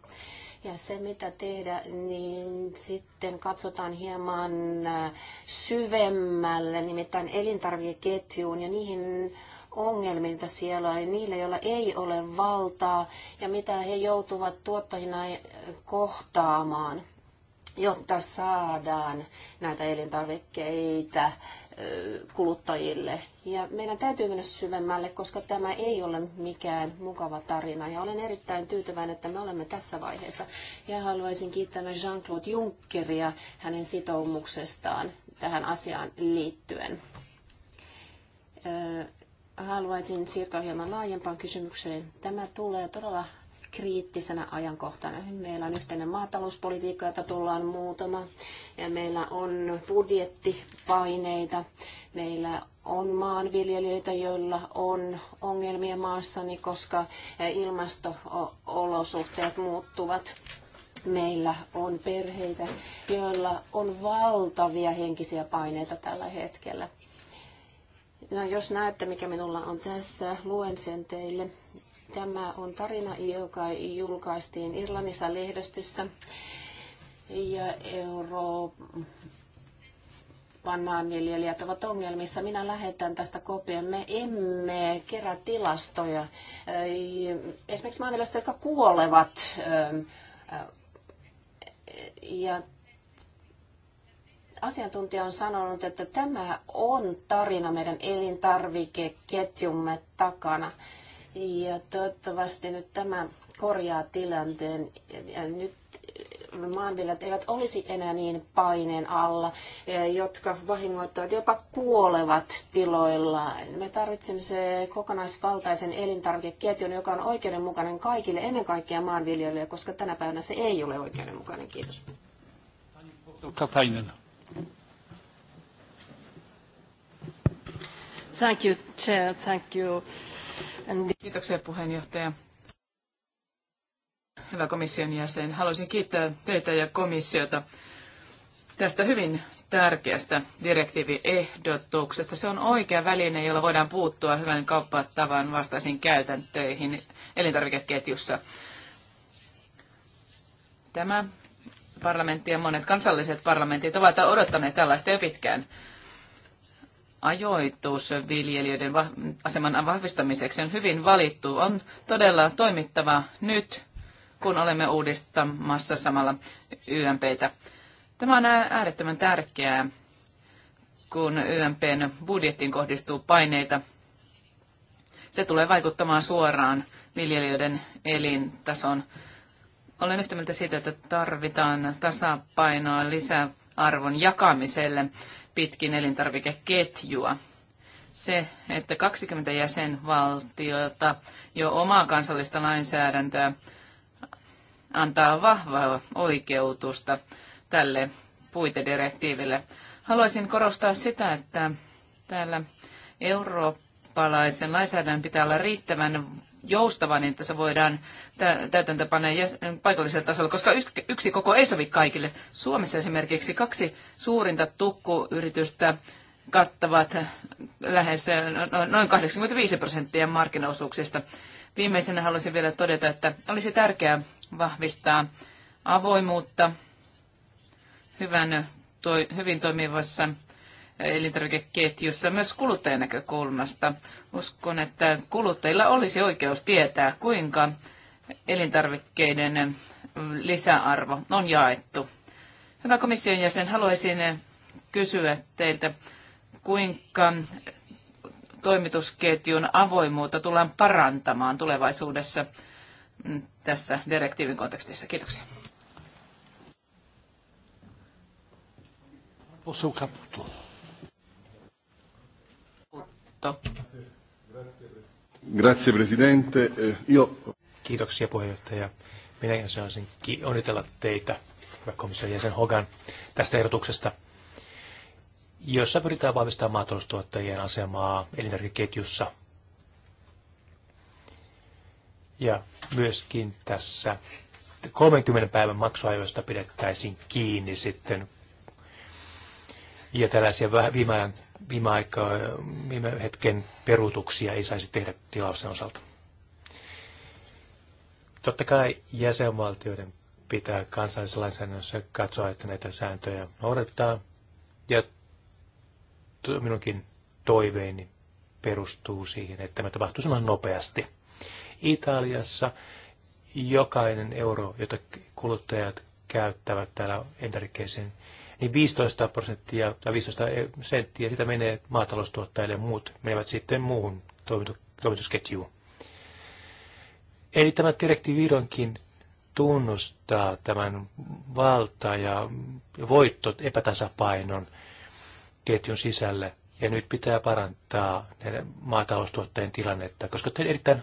Ja se, mitä tehdä, niin sitten katsotaan hieman äh, syvemmälle, nimittäin elintarvikeketjuun ja niihin ongelmiin, mitä siellä on, niille, joilla ei ole valtaa ja mitä he joutuvat tuottajina äh, kohtaamaan, jotta saadaan näitä elintarvikkeita kuluttajille. Ja meidän täytyy mennä syvemmälle, koska tämä ei ole mikään mukava tarina. Ja olen erittäin tyytyväinen, että me olemme tässä vaiheessa. Ja haluaisin kiittää myös Jean-Claude Junckeria hänen sitoumuksestaan tähän asiaan liittyen. Haluaisin siirtyä hieman laajempaan kysymykseen. Tämä tulee todella kriittisenä ajankohtana. Meillä on yhteinen maatalouspolitiikka, jota tullaan muutama, ja meillä on budjettipaineita, meillä on maanviljelijöitä, joilla on ongelmia maassani, koska ilmastoolosuhteet muuttuvat meillä on perheitä, joilla on valtavia henkisiä paineita tällä hetkellä. No, jos näette, mikä minulla on tässä, luen sen teille. Tämä on tarina, joka julkaistiin Irlannissa lehdistössä ja Euroopan maanviljelijät ovat ongelmissa. Minä lähetän tästä kopion. Me emme kerää tilastoja. Esimerkiksi maanviljelijät, jotka kuolevat. Ja asiantuntija on sanonut, että tämä on tarina meidän elintarvikeketjumme takana. Ja toivottavasti nyt tämä korjaa tilanteen. Ja nyt maanviljelijät eivät olisi enää niin paineen alla, jotka vahingoittavat jopa kuolevat tiloillaan. Me tarvitsemme kokonaisvaltaisen elintarvikeketjun, joka on oikeudenmukainen kaikille, ennen kaikkea maanviljelijöille, koska tänä päivänä se ei ole oikeudenmukainen. Kiitos. Thank you, Chair. Thank you. Kiitoksia puheenjohtaja. Hyvä komission jäsen, haluaisin kiittää teitä ja komissiota tästä hyvin tärkeästä direktiiviehdotuksesta. Se on oikea väline, jolla voidaan puuttua hyvän kauppatavan vastaisiin käytäntöihin elintarvikeketjussa. Tämä parlamentti ja monet kansalliset parlamentit ovat odottaneet tällaista jo pitkään ajoitus viljelijöiden aseman vahvistamiseksi on hyvin valittu. On todella toimittava nyt, kun olemme uudistamassa samalla YMPtä. Tämä on äärettömän tärkeää, kun YMPn budjettiin kohdistuu paineita. Se tulee vaikuttamaan suoraan viljelijöiden elintason. Olen yhtä mieltä siitä, että tarvitaan tasapainoa lisäarvon jakamiselle pitkin elintarvikeketjua. Se, että 20 jäsenvaltiota jo omaa kansallista lainsäädäntöä antaa vahvaa oikeutusta tälle puitedirektiiville. Haluaisin korostaa sitä, että täällä eurooppalaisen lainsäädännön pitää olla riittävän joustava, niin että se voidaan täytäntöpanna paikallisella tasolla, koska yksi koko ei sovi kaikille. Suomessa esimerkiksi kaksi suurinta tukkuyritystä kattavat lähes no, no, noin 85 prosenttia markkinaosuuksista. Viimeisenä haluaisin vielä todeta, että olisi tärkeää vahvistaa avoimuutta hyvän, toi, hyvin toimivassa elintarvikeketjussa myös kuluttajan näkökulmasta. Uskon, että kuluttajilla olisi oikeus tietää, kuinka elintarvikkeiden lisäarvo on jaettu. Hyvä komission jäsen, haluaisin kysyä teiltä, kuinka toimitusketjun avoimuutta tullaan parantamaan tulevaisuudessa tässä direktiivin kontekstissa. Kiitoksia. Poseł Caputo. Mato. Grazie, presidente. Eh, io... Kiitoksia puheenjohtaja. Minäkin saisin onnitella teitä, hyvä komission jäsen Hogan, tästä ehdotuksesta, jossa pyritään vahvistamaan maataloustuottajien asemaa elintarvikeketjussa. Ja myöskin tässä 30 päivän maksuajoista pidettäisiin kiinni sitten. Ja tällaisia viime ajan viime, aikaa, viime hetken peruutuksia ei saisi tehdä tilausten osalta. Totta kai jäsenvaltioiden pitää kansallisessa katsoa, että näitä sääntöjä noudatetaan. Ja minunkin toiveeni perustuu siihen, että tämä tapahtuu sellainen nopeasti. Italiassa jokainen euro, jota kuluttajat käyttävät täällä elintarvikkeisiin, niin 15 prosenttia tai 15 senttiä sitä menee maataloustuottajille, muut menevät sitten muuhun toimitusketjuun. Eli tämä direktiivi vihdoinkin tunnustaa tämän valta- ja voitto epätasapainon ketjun sisälle. Ja nyt pitää parantaa maataloustuottajien tilannetta, koska te erittäin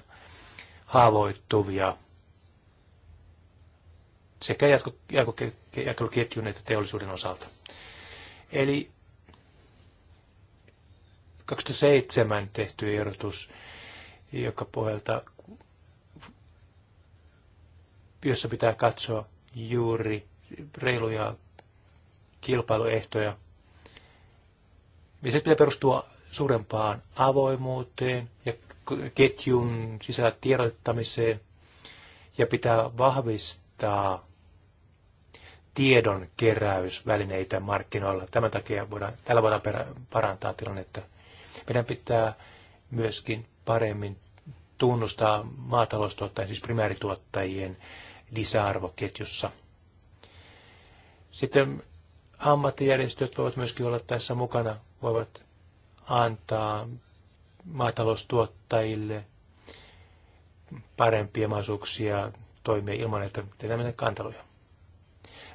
haavoittuvia sekä jakeluketjun että teollisuuden osalta. Eli 2007 tehty ehdotus, joka pohjalta, jossa pitää katsoa juuri reiluja kilpailuehtoja. Ja se pitää perustua suurempaan avoimuuteen ja ketjun sisällä tiedottamiseen ja pitää vahvistaa tiedon keräysvälineitä markkinoilla. Tämän takia voidaan, tällä voidaan parantaa tilannetta. Meidän pitää myöskin paremmin tunnustaa maataloustuottajien, siis primäärituottajien lisäarvoketjussa. Sitten ammattijärjestöt voivat myöskin olla tässä mukana, voivat antaa maataloustuottajille parempia mahdollisuuksia toimia ilman, että tehdään kanteluja.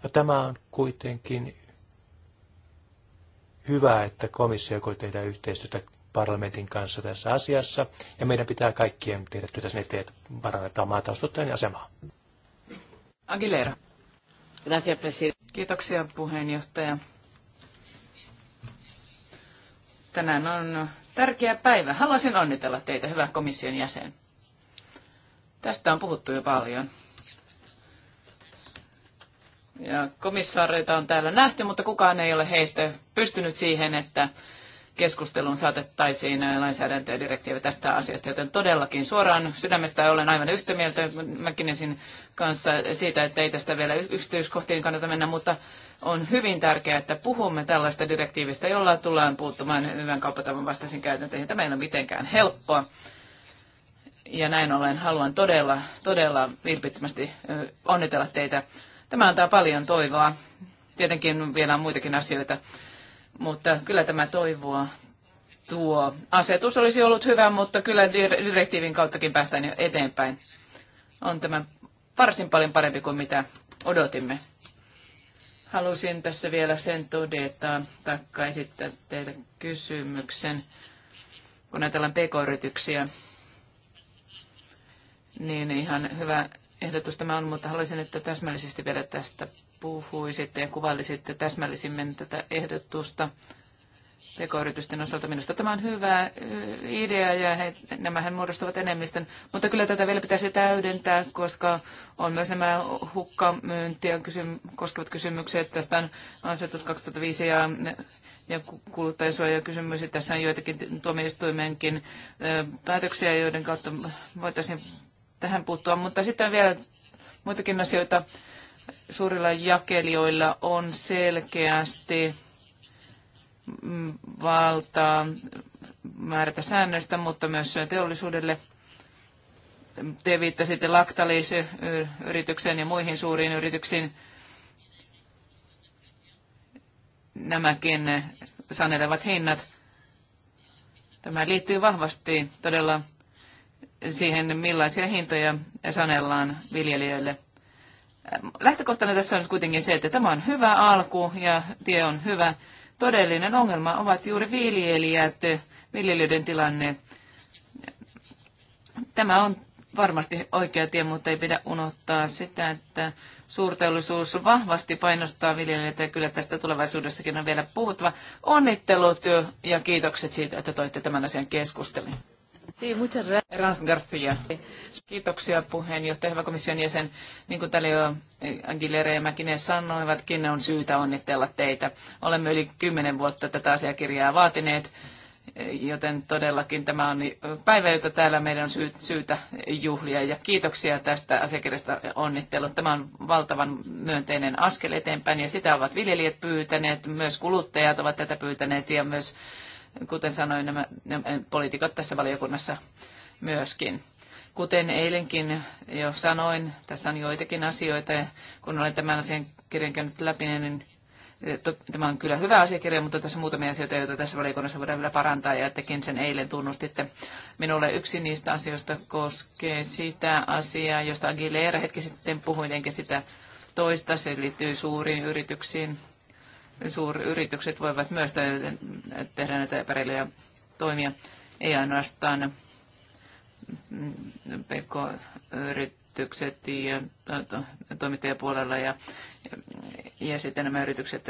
No, tämä on kuitenkin hyvä, että komissio voi tehdä yhteistyötä parlamentin kanssa tässä asiassa, ja meidän pitää kaikkien tehdä työtä sen eteen, että parannetaan maataustuttajan asemaa. Aguilera. Kiitoksia puheenjohtaja. Tänään on tärkeä päivä. Haluaisin onnitella teitä, hyvä komission jäsen. Tästä on puhuttu jo paljon ja komissaareita on täällä nähty, mutta kukaan ei ole heistä pystynyt siihen, että keskusteluun saatettaisiin lainsäädäntö ja direktiivi tästä asiasta, joten todellakin suoraan sydämestä olen aivan yhtä mieltä Mäkinesin kanssa siitä, että ei tästä vielä yksityiskohtiin kannata mennä, mutta on hyvin tärkeää, että puhumme tällaista direktiivistä, jolla tullaan puuttumaan hyvän kauppatavan vastaisiin käytäntöihin. Tämä ei ole mitenkään helppoa. Ja näin ollen haluan todella, todella vilpittömästi onnitella teitä Tämä antaa paljon toivoa. Tietenkin vielä on muitakin asioita, mutta kyllä tämä toivoa tuo. Asetus olisi ollut hyvä, mutta kyllä direktiivin kauttakin päästään jo eteenpäin. On tämä varsin paljon parempi kuin mitä odotimme. Halusin tässä vielä sen todeta, taikka esittää teille kysymyksen, kun ajatellaan pk-yrityksiä, niin ihan hyvä ehdotus tämä on, mutta haluaisin, että täsmällisesti vielä tästä puhuisitte ja kuvailisitte täsmällisimmin tätä ehdotusta pk-yritysten osalta. Minusta tämä on hyvä eh, idea ja he, nämähän muodostavat enemmistön, mutta kyllä tätä vielä pitäisi täydentää, koska on myös nämä hukkamyyntiä kysym- koskevat kysymykset. Tästä on asetus 2005 ja, ja kuluttajansuojakysymys. Tässä on joitakin tuomioistuimenkin eh, päätöksiä, joiden kautta voitaisiin tähän puuttua. Mutta sitten vielä muitakin asioita. Suurilla jakelijoilla on selkeästi mm, valtaa määrätä säännöistä, mutta myös teollisuudelle. Te viittasitte Lactalis-yritykseen ja muihin suuriin yrityksiin. Nämäkin sanelevat hinnat. Tämä liittyy vahvasti todella siihen, millaisia hintoja sanellaan viljelijöille. Lähtökohtana tässä on kuitenkin se, että tämä on hyvä alku ja tie on hyvä. Todellinen ongelma ovat juuri viljelijät, viljelijöiden tilanne. Tämä on varmasti oikea tie, mutta ei pidä unohtaa sitä, että suurteollisuus vahvasti painostaa viljelijöitä ja kyllä tästä tulevaisuudessakin on vielä puhuttava. Onnittelut ja kiitokset siitä, että toitte tämän asian keskustelun. Erans Garcia. Kiitoksia puheenjohtaja, hyvä komission jäsen. Niin kuin täällä jo eh, Aguilera ja Mäkinen sanoivatkin, on syytä onnitella teitä. Olemme yli kymmenen vuotta tätä asiakirjaa vaatineet, eh, joten todellakin tämä on eh, päivä, jota täällä meidän on syytä juhlia. Ja kiitoksia tästä asiakirjasta onnittelu. Tämä on valtavan myönteinen askel eteenpäin ja sitä ovat viljelijät pyytäneet, myös kuluttajat ovat tätä pyytäneet ja myös kuten sanoin, nämä, nämä poliitikot tässä valiokunnassa myöskin. Kuten eilenkin jo sanoin, tässä on joitakin asioita, ja kun olen tämän asian kirjan käynyt läpi, niin, niin tämä on kyllä hyvä asiakirja, mutta tässä on muutamia asioita, joita tässä valiokunnassa voidaan vielä parantaa, ja tekin sen eilen tunnustitte. Minulle yksi niistä asioista koskee sitä asiaa, josta Aguilera hetki sitten puhui, enkä sitä toista. Se liittyy suuriin yrityksiin, suuryritykset voivat myös tehdä näitä epäreilyjä toimia, ei ainoastaan pk-yritykset ja to, to, toimittajapuolella ja, ja sitten nämä yritykset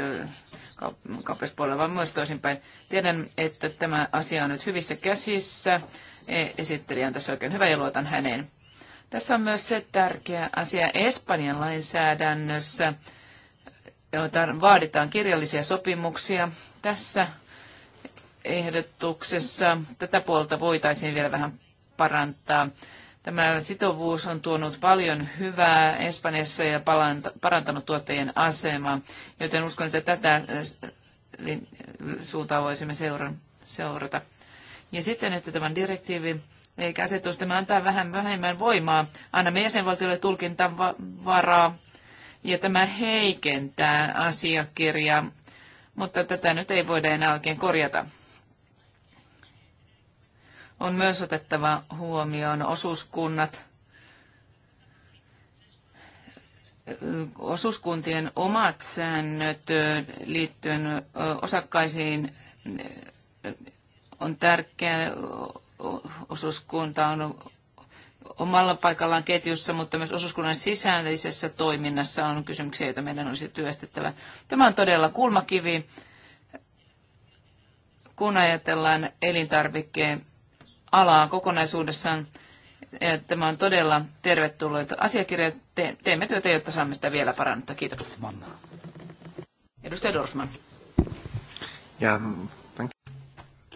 kauppispuolella, vaan myös toisinpäin. Tiedän, että tämä asia on nyt hyvissä käsissä. E, esittelijä on tässä oikein hyvä ja luotan häneen. Tässä on myös se tärkeä asia Espanjan lainsäädännössä, joita vaaditaan kirjallisia sopimuksia. Tässä ehdotuksessa tätä puolta voitaisiin vielä vähän parantaa. Tämä sitovuus on tuonut paljon hyvää Espanjassa ja parantanut tuottajien asemaa, joten uskon, että tätä äh, suuntaa voisimme seurata. Ja sitten, että tämä direktiivi eikä asetus, tämä antaa vähän vähemmän voimaa. Annamme jäsenvaltiolle tulkintavaraa. varaa ja tämä heikentää asiakirjaa, mutta tätä nyt ei voida enää oikein korjata. On myös otettava huomioon osuuskunnat. Osuuskuntien omat säännöt liittyen osakkaisiin on tärkeää. Osuuskunta on omalla paikallaan ketjussa, mutta myös osuuskunnan sisällisessä toiminnassa on kysymyksiä, joita meidän olisi työstettävä. Tämä on todella kulmakivi, kun ajatellaan elintarvikkeen alaa kokonaisuudessaan. Tämä on todella tervetullut asiakirja. Teemme työtä, jotta saamme sitä vielä parannetta. Kiitos. Edustaja Dorfman. Ja,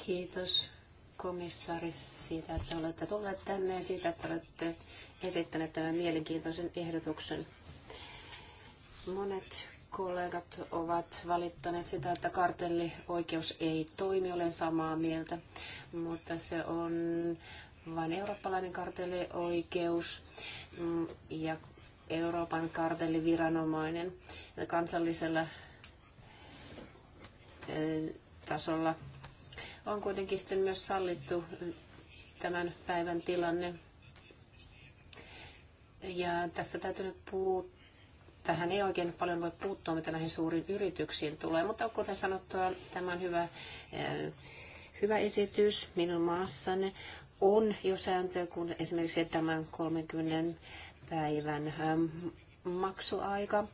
Kiitos, komissaari siitä, että olette tulleet tänne ja siitä, että olette esittäneet tämän mielenkiintoisen ehdotuksen. Monet kollegat ovat valittaneet sitä, että kartellioikeus ei toimi, olen samaa mieltä, mutta se on vain eurooppalainen kartellioikeus ja Euroopan kartelliviranomainen kansallisella eh, tasolla on kuitenkin sitten myös sallittu tämän päivän tilanne. Ja tässä täytyy nyt puuttua. Tähän ei oikein paljon voi puuttua, mitä näihin suuriin yrityksiin tulee, mutta kuten sanottua, tämä on hyvä, eh, hyvä esitys minun maassani. On jo sääntöä, kun esimerkiksi tämän 30 päivän eh, maksuaika.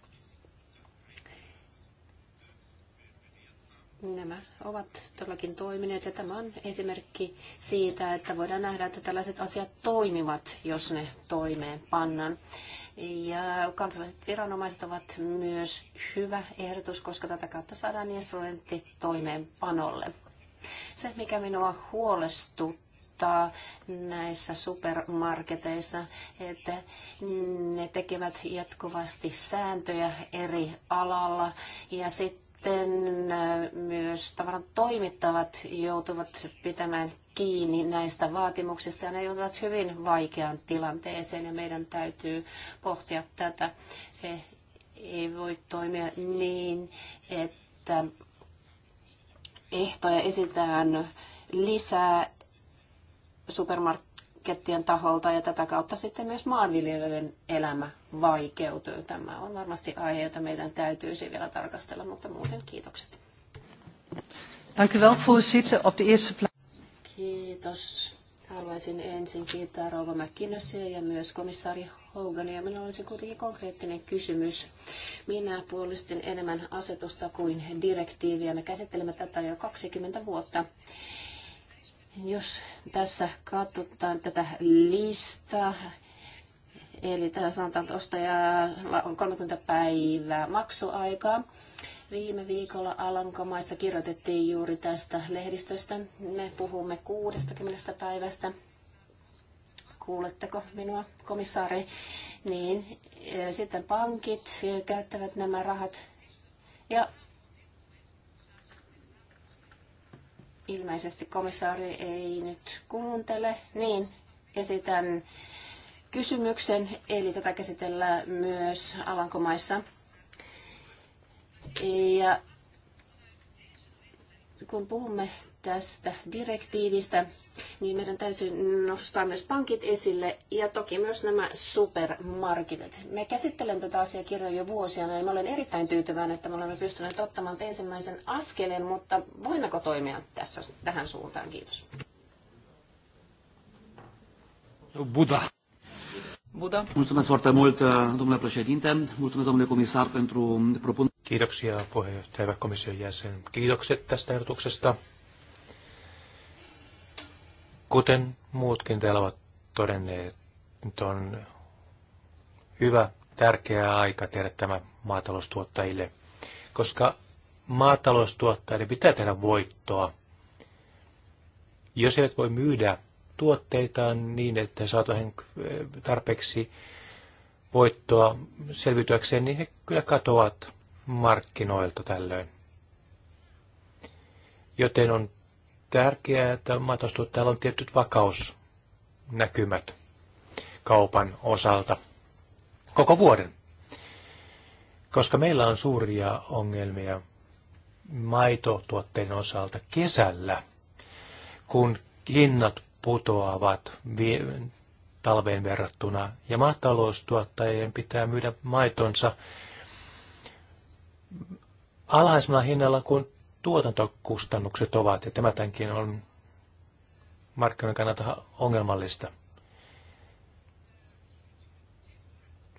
Nämä ovat todellakin toimineet ja tämä on esimerkki siitä, että voidaan nähdä, että tällaiset asiat toimivat, jos ne toimeenpannaan. Ja kansalaiset viranomaiset ovat myös hyvä ehdotus, koska tätä kautta saadaan instrumentti niin, toimeenpanolle. Se, mikä minua huolestuttaa näissä supermarketeissa, että ne tekevät jatkuvasti sääntöjä eri alalla ja sitten sitten myös tavaran toimittavat joutuvat pitämään kiinni näistä vaatimuksista ja ne joutuvat hyvin vaikeaan tilanteeseen ja meidän täytyy pohtia tätä. Se ei voi toimia niin, että ehtoja esitään lisää supermarkkinoille etikettien taholta ja tätä kautta sitten myös maanviljelijöiden elämä vaikeutuu. Tämä on varmasti aihe, jota meidän täytyisi vielä tarkastella, mutta muuten kiitokset. Kiitos. Haluaisin ensin kiittää Rouva McKinnossia ja myös komissaari Hogania. Minulla olisi kuitenkin konkreettinen kysymys. Minä puolustin enemmän asetusta kuin direktiiviä. Me käsittelemme tätä jo 20 vuotta. Jos tässä katsotaan tätä listaa, eli täällä sanotaan, että ostajalla on 30 päivää maksuaikaa. Viime viikolla Alankomaissa kirjoitettiin juuri tästä lehdistöstä. Me puhumme 60 päivästä. Kuuletteko minua, komissaari? Niin, sitten pankit käyttävät nämä rahat ja Ilmeisesti komissaari ei nyt kuuntele. Niin, esitän kysymyksen, eli tätä käsitellään myös Alankomaissa. Ja kun puhumme tästä direktiivistä, niin meidän täytyy nostaa myös pankit esille ja toki myös nämä supermarketit. Me käsittelen tätä asiakirjaa jo vuosia ja olen erittäin tyytyväinen, että me olemme pystyneet ottamaan ensimmäisen askeleen, mutta voimmeko toimia tässä tähän suuntaan? Kiitos. Buddha. Buda. Mulțumesc foarte mult, domnule președinte. Mulțumesc, domnule comisar, pentru propun. Kiitoksia puheenjohtaja komission jäsen. Kiitokset tästä ehdotuksesta. Kuten muutkin täällä ovat todenneet, nyt on hyvä, tärkeä aika tehdä tämä maataloustuottajille, koska maataloustuottajille pitää tehdä voittoa. Jos eivät voi myydä tuotteitaan niin, että he saavat vähän eh, tarpeeksi voittoa selvityäkseen, niin he kyllä katoavat markkinoilta tällöin. Joten on tärkeää, että maataloustuottajalla on tietyt vakausnäkymät kaupan osalta koko vuoden. Koska meillä on suuria ongelmia maitotuotteen osalta kesällä, kun hinnat putoavat talveen verrattuna, ja maataloustuottajien pitää myydä maitonsa alhaisemmalla hinnalla kuin tuotantokustannukset ovat, ja tämä tämänkin on markkinoiden kannalta ongelmallista.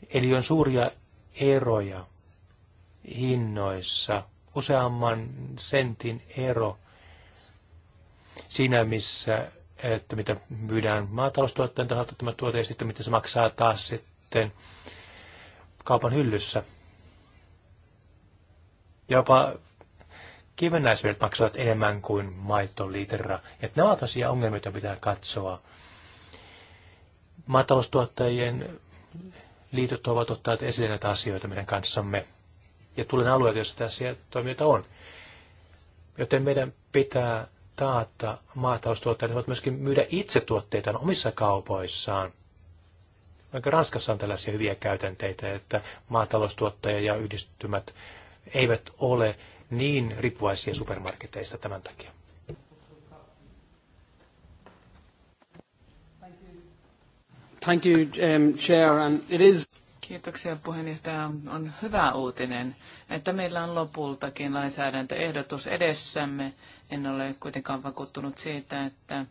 Eli on suuria eroja hinnoissa, useamman sentin ero siinä, missä, että mitä myydään maataloustuotteen taholta tämä tuote, ja sitten mitä se maksaa taas sitten kaupan hyllyssä. Jopa kivennäisvedet maksavat enemmän kuin maitolitra. Että nämä ovat tosiaan ongelmia, joita pitää katsoa. Maataloustuottajien liitot ovat ottaneet esille näitä asioita meidän kanssamme. Ja tulen alueelta, jossa tässä toimijoita on. Joten meidän pitää taata maataloustuottajat voivat myöskin myydä itse tuotteitaan omissa kaupoissaan. Vaikka Ranskassa on tällaisia hyviä käytänteitä, että maataloustuottaja ja yhdistymät eivät ole niin riippuvaisia supermarketeista tämän takia. Thank you, um, Chair, and it is... Kiitoksia puheenjohtaja. On hyvä uutinen, että meillä on lopultakin lainsäädäntöehdotus edessämme. En ole kuitenkaan vakuuttunut siitä, että,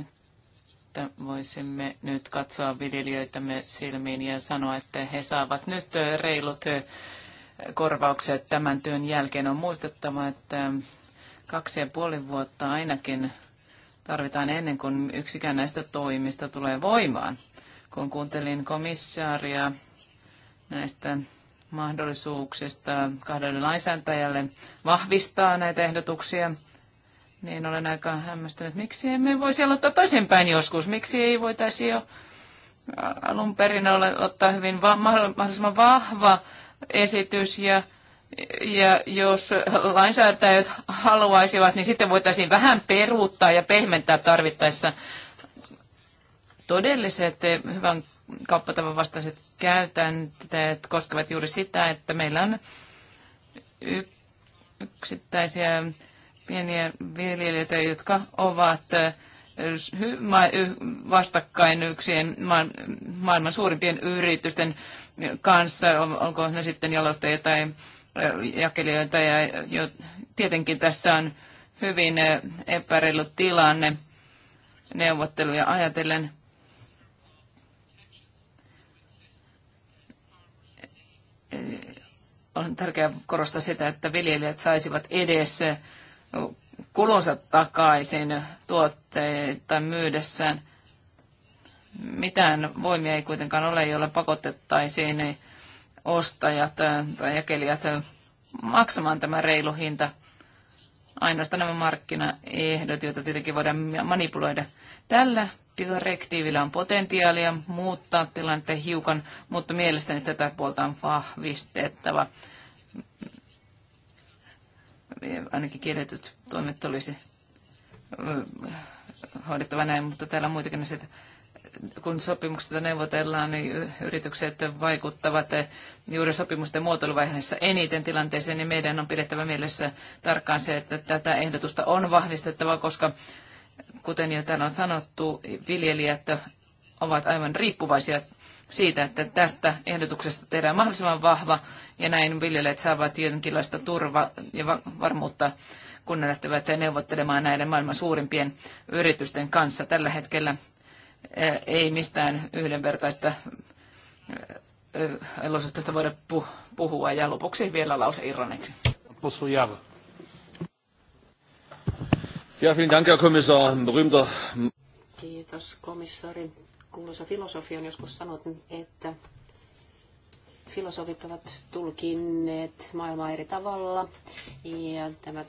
että voisimme nyt katsoa viljelijöitämme silmiin ja sanoa, että he saavat nyt reilut korvaukset tämän työn jälkeen. On muistettava, että kaksi ja puoli vuotta ainakin tarvitaan ennen kuin yksikään näistä toimista tulee voimaan. Kun kuuntelin komissaaria näistä mahdollisuuksista kahdelle lainsäätäjälle vahvistaa näitä ehdotuksia, niin olen aika hämmästynyt, miksi emme voisi aloittaa toisinpäin joskus, miksi ei voitaisi jo alun perin ole, ottaa hyvin va- mahdollisimman vahva esitys ja ja jos lainsäätäjät haluaisivat, niin sitten voitaisiin vähän peruuttaa ja pehmentää tarvittaessa todelliset hyvän kauppatavan vastaiset käytänteet koskevat juuri sitä, että meillä on yksittäisiä pieniä viljelijöitä, jotka ovat vastakkain yksien maailman suurimpien yritysten kanssa, onko ne sitten jalostajia tai jakelijoita. Ja jo, tietenkin tässä on hyvin epäreilu tilanne neuvotteluja ajatellen. On tärkeää korostaa sitä, että viljelijät saisivat edessä kulunsa takaisin tuotteita myydessään – mitään voimia ei kuitenkaan ole, jolla pakotettaisiin ostajat tai jakelijat maksamaan tämä reilu hinta. Ainoastaan nämä markkinaehdot, joita tietenkin voidaan manipuloida. Tällä direktiivillä on potentiaalia muuttaa tilanteen hiukan, mutta mielestäni tätä puolta on vahvistettava. Ainakin kielletyt toimet olisi hoidettava näin, mutta täällä on muitakin asioita kun sopimuksesta neuvotellaan, niin yritykset vaikuttavat juuri sopimusten muotoiluvaiheessa eniten tilanteeseen, niin meidän on pidettävä mielessä tarkkaan se, että tätä ehdotusta on vahvistettava, koska kuten jo täällä on sanottu, viljelijät ovat aivan riippuvaisia siitä, että tästä ehdotuksesta tehdään mahdollisimman vahva ja näin viljelijät saavat jonkinlaista turvaa ja varmuutta, kun ne lähtevät neuvottelemaan näiden maailman suurimpien yritysten kanssa. Tällä hetkellä ei mistään yhdenvertaista elosuhteesta voida puhua. Ja lopuksi vielä lause irroneksi. Ja, vielen Dank, Herr Kommissar. Berühmter. Kiitos, komissaari. Kuuluisa filosofi on joskus sanonut, että filosofit ovat tulkinneet maailmaa eri tavalla ja tämä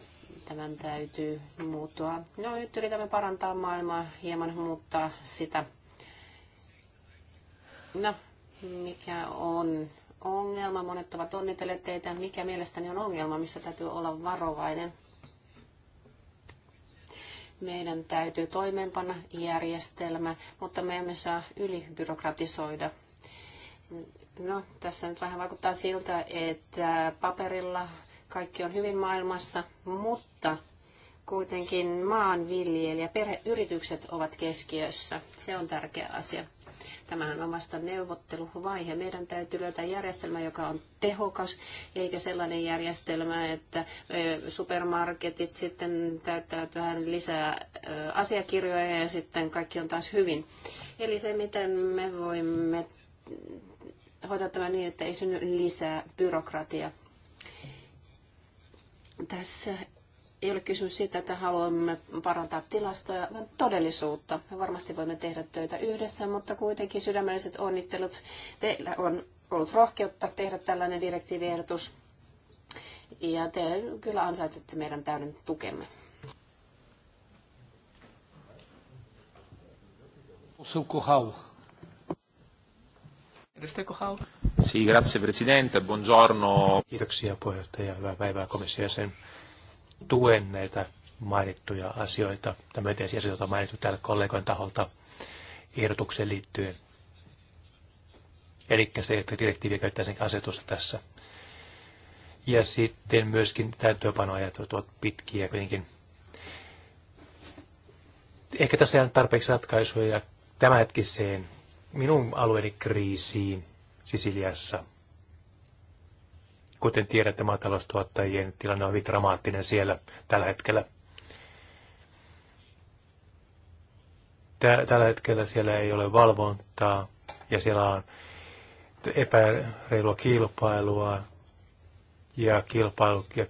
tämän täytyy muuttua. No nyt yritämme parantaa maailmaa, hieman muuttaa sitä. No, mikä on ongelma? Monet ovat onnitelleet teitä. Mikä mielestäni on ongelma, missä täytyy olla varovainen? Meidän täytyy toimeenpanna järjestelmä, mutta me emme saa ylibyrokratisoida. No, tässä nyt vähän vaikuttaa siltä, että paperilla kaikki on hyvin maailmassa, mutta kuitenkin maanviljelijä, perheyritykset ovat keskiössä. Se on tärkeä asia. Tämähän on vasta neuvotteluvaihe. Meidän täytyy löytää järjestelmä, joka on tehokas, eikä sellainen järjestelmä, että supermarketit sitten täyttävät vähän lisää asiakirjoja ja sitten kaikki on taas hyvin. Eli se, miten me voimme hoitaa tämä niin, että ei synny lisää byrokratiaa. Tässä ei ole kysymys siitä, että haluamme parantaa tilastoja, vaan todellisuutta. Me varmasti voimme tehdä töitä yhdessä, mutta kuitenkin sydämelliset onnittelut. Teillä on ollut rohkeutta tehdä tällainen direktiiviehdotus. Ja te kyllä ansaitsette meidän täyden tukemme. Sukuhau. Edustaja Kohau. Si, grazie presidente, buongiorno. Kiitoksia puheenjohtaja, hyvää päivää komissio sen tuen näitä mainittuja asioita, ja myönteisiä asioita on mainittu täällä kollegojen taholta ehdotukseen liittyen. Eli se, että direktiivi käyttää sen asetusta tässä. Ja sitten myöskin täytäntöönpanoajat ovat pitkiä kuitenkin. Ehkä tässä ei ole tarpeeksi ratkaisuja tämänhetkiseen minun alueeni kriisiin Sisiliassa. Kuten tiedätte, maataloustuottajien tilanne on hyvin dramaattinen siellä tällä hetkellä. Tällä hetkellä siellä ei ole valvontaa ja siellä on epäreilua kilpailua ja kilpailu ja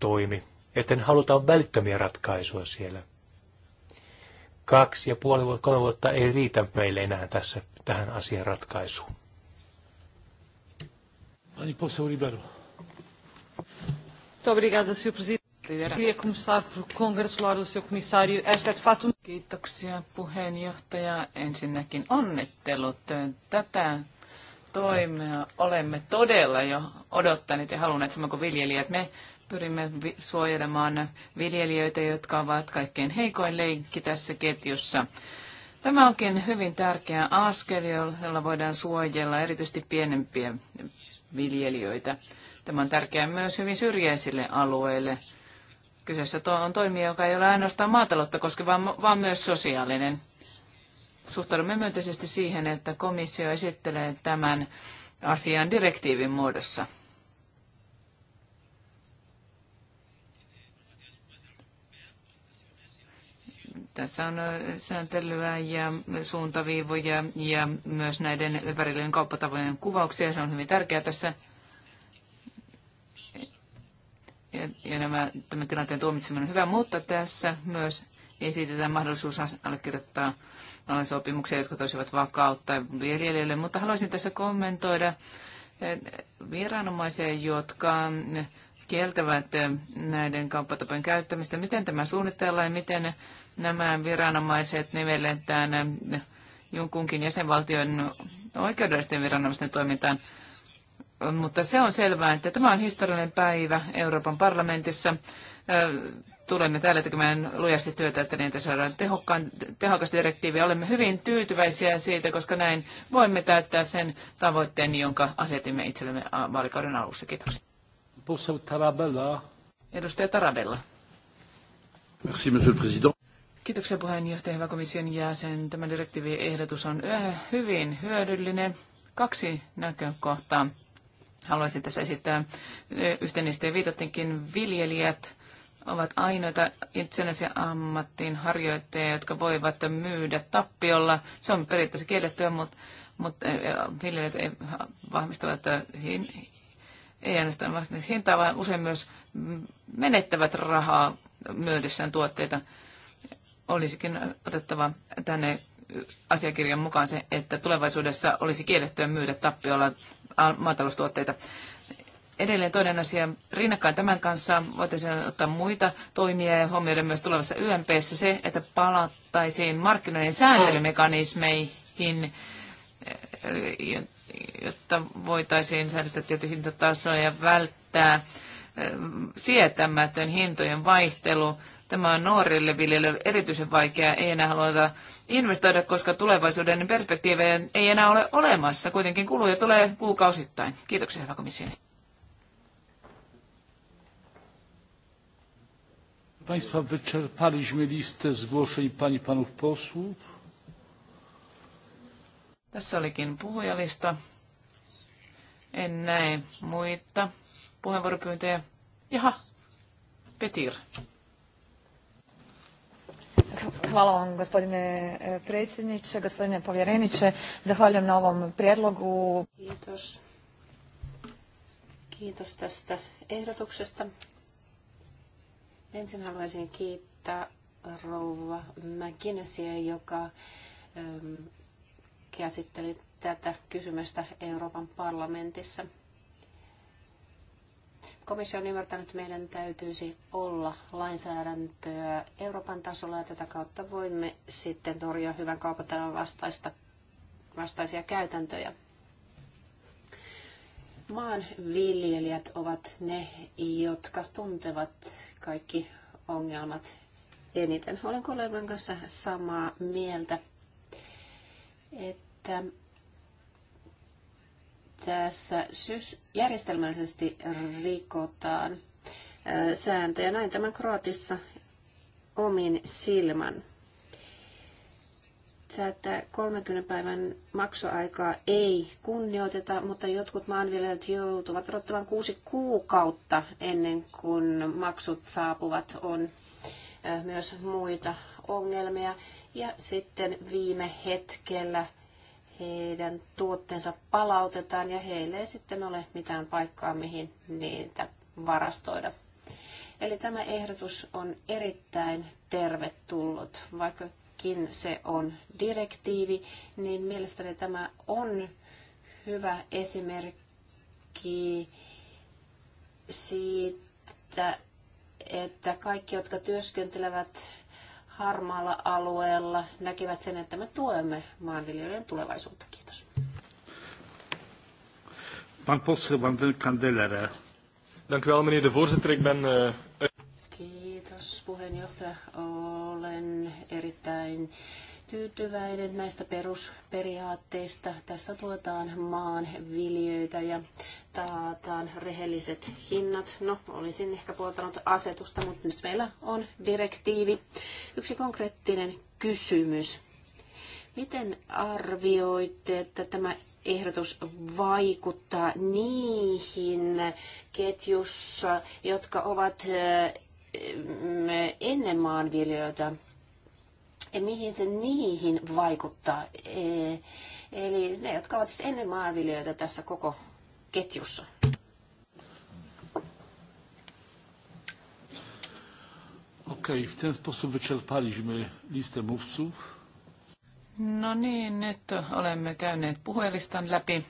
toimi. Joten halutaan välittömiä ratkaisuja siellä kaksi ja puoli vuotta, kolme vuotta ei riitä meille enää tässä, tähän asian ratkaisuun. Pani poseł Libero. Muito obrigada, Sr. Presidente. Queria começar por congratular o Sr. Comissário. Esta é de facto... Kiitoksia puheenjohtaja. Ensinnäkin onnittelut. Tätä toimea olemme todella jo odottaneet ja halunneet, samoin kuin viljelijät. Me Pyrimme suojelemaan viljelijöitä, jotka ovat kaikkein heikoin leikki tässä ketjussa. Tämä onkin hyvin tärkeä askel, jolla voidaan suojella erityisesti pienempiä viljelijöitä. Tämä on tärkeää myös hyvin syrjäisille alueille. Kyseessä on toimija, joka ei ole ainoastaan maataloutta koskeva, vaan myös sosiaalinen. Suhtaudumme myönteisesti siihen, että komissio esittelee tämän asian direktiivin muodossa. Tässä on sääntelyä ja suuntaviivoja ja myös näiden ympärillinen kauppatavojen kuvauksia. Se on hyvin tärkeää tässä. Ja, ja nämä, tämän tilanteen tuomitseminen on hyvä, mutta tässä myös esitetään mahdollisuus allekirjoittaa sopimuksia, jotka toisivat vakautta viljelijöille. Mutta haluaisin tässä kommentoida viranomaisia, jotka kieltävät näiden kauppatapojen käyttämistä. Miten tämä suunnitellaan ja miten nämä viranomaiset nivelletään jonkunkin jäsenvaltion oikeudellisten viranomaisten toimintaan? Mutta se on selvää, että tämä on historiallinen päivä Euroopan parlamentissa. Tulemme täällä tekemään lujasti työtä, että niitä saadaan tehokkaan, tehokas direktiivi. Olemme hyvin tyytyväisiä siitä, koska näin voimme täyttää sen tavoitteen, jonka asetimme itsellemme vaalikauden alussa. Kiitoksia. Poseł Tarabella. Edustaja Tarabella. Merci, monsieur le président. Kiitoksia puheenjohtaja, hyvä komission jäsen. Tämä direktiiviehdotus on äh, hyvin hyödyllinen. Kaksi näkökohtaa haluaisin tässä esittää. Yhteen niistä viitattiinkin viljelijät ovat ainoita itsenäisiä ammattiin harjoittajia, jotka voivat myydä tappiolla. Se on periaatteessa kiellettyä, mutta, mutta viljelijät vahvistavat ei ainoastaan vasta hintaa, vaan usein myös menettävät rahaa myydessään tuotteita. Olisikin otettava tänne asiakirjan mukaan se, että tulevaisuudessa olisi kiellettyä myydä tappiolla maataloustuotteita. Edelleen toinen asia, rinnakkain tämän kanssa voitaisiin ottaa muita toimia ja huomioida myös tulevassa YMPssä se, että palattaisiin markkinoiden sääntelymekanismeihin, jotta voitaisiin säilyttää tietyn hintataso ja välttää sietämätön hintojen vaihtelu. Tämä on nuorille viljelijöille erityisen vaikeaa. Ei enää haluta investoida, koska tulevaisuuden perspektiivejä ei enää ole olemassa. Kuitenkin kuluja tulee kuukausittain. Kiitoksia, hyvä komissio. Państwa wyczerpaliśmy listę zgłoszeń pani i panów posłów. Tässä olikin puhujalista. En näe muita puheenvuoropyyntöjä. Jaha, Petir. Hvala vam gospodine eh, predsjedniče, gospodine povjereniče. Zahvaljujem na ovom prijedlogu. Kiitos. Kiitos tästä ehdotuksesta. Ensin haluaisin kiittää rouva McKinneysiä, joka käsitteli tätä kysymystä Euroopan parlamentissa. Komissio on ymmärtänyt, että meidän täytyisi olla lainsäädäntöä Euroopan tasolla ja tätä kautta voimme sitten torjua hyvän kaupantavan vastaista, vastaisia käytäntöjä. Maanviljelijät ovat ne, jotka tuntevat kaikki ongelmat eniten. Olen kollegan kanssa samaa mieltä että tässä järjestelmällisesti rikotaan sääntöjä. Näin tämän Kroatissa omin silmän. Tätä 30 päivän maksuaikaa ei kunnioiteta, mutta jotkut maanviljelijät joutuvat odottamaan kuusi kuukautta ennen kuin maksut saapuvat. On myös muita ongelmia ja sitten viime hetkellä heidän tuotteensa palautetaan ja heille ei sitten ole mitään paikkaa, mihin niitä varastoida. Eli tämä ehdotus on erittäin tervetullut, vaikkakin se on direktiivi, niin mielestäni tämä on hyvä esimerkki siitä, että kaikki, jotka työskentelevät harmaalla alueella näkivät sen, että me tuemme maanviljelijöiden tulevaisuutta. Kiitos. Pan poseł Van den Dank u wel, meneer de voorzitter. Ik ben... Uh... Kiitos, puheenjohtaja. Olen erittäin tyytyväinen näistä perusperiaatteista. Tässä tuotaan maan viljöitä ja taataan rehelliset hinnat. No, olisin ehkä puoltanut asetusta, mutta nyt meillä on direktiivi. Yksi konkreettinen kysymys. Miten arvioitte, että tämä ehdotus vaikuttaa niihin ketjussa, jotka ovat eh, ennen maanviljelijöitä? mihin se niihin vaikuttaa. E, eli ne, jotka ovat siis ennen maanviljelijöitä tässä koko ketjussa. Okei, okay, ten sposób wyczerpaliśmy listę mówców. No niin, nyt olemme käyneet puhelistan läpi.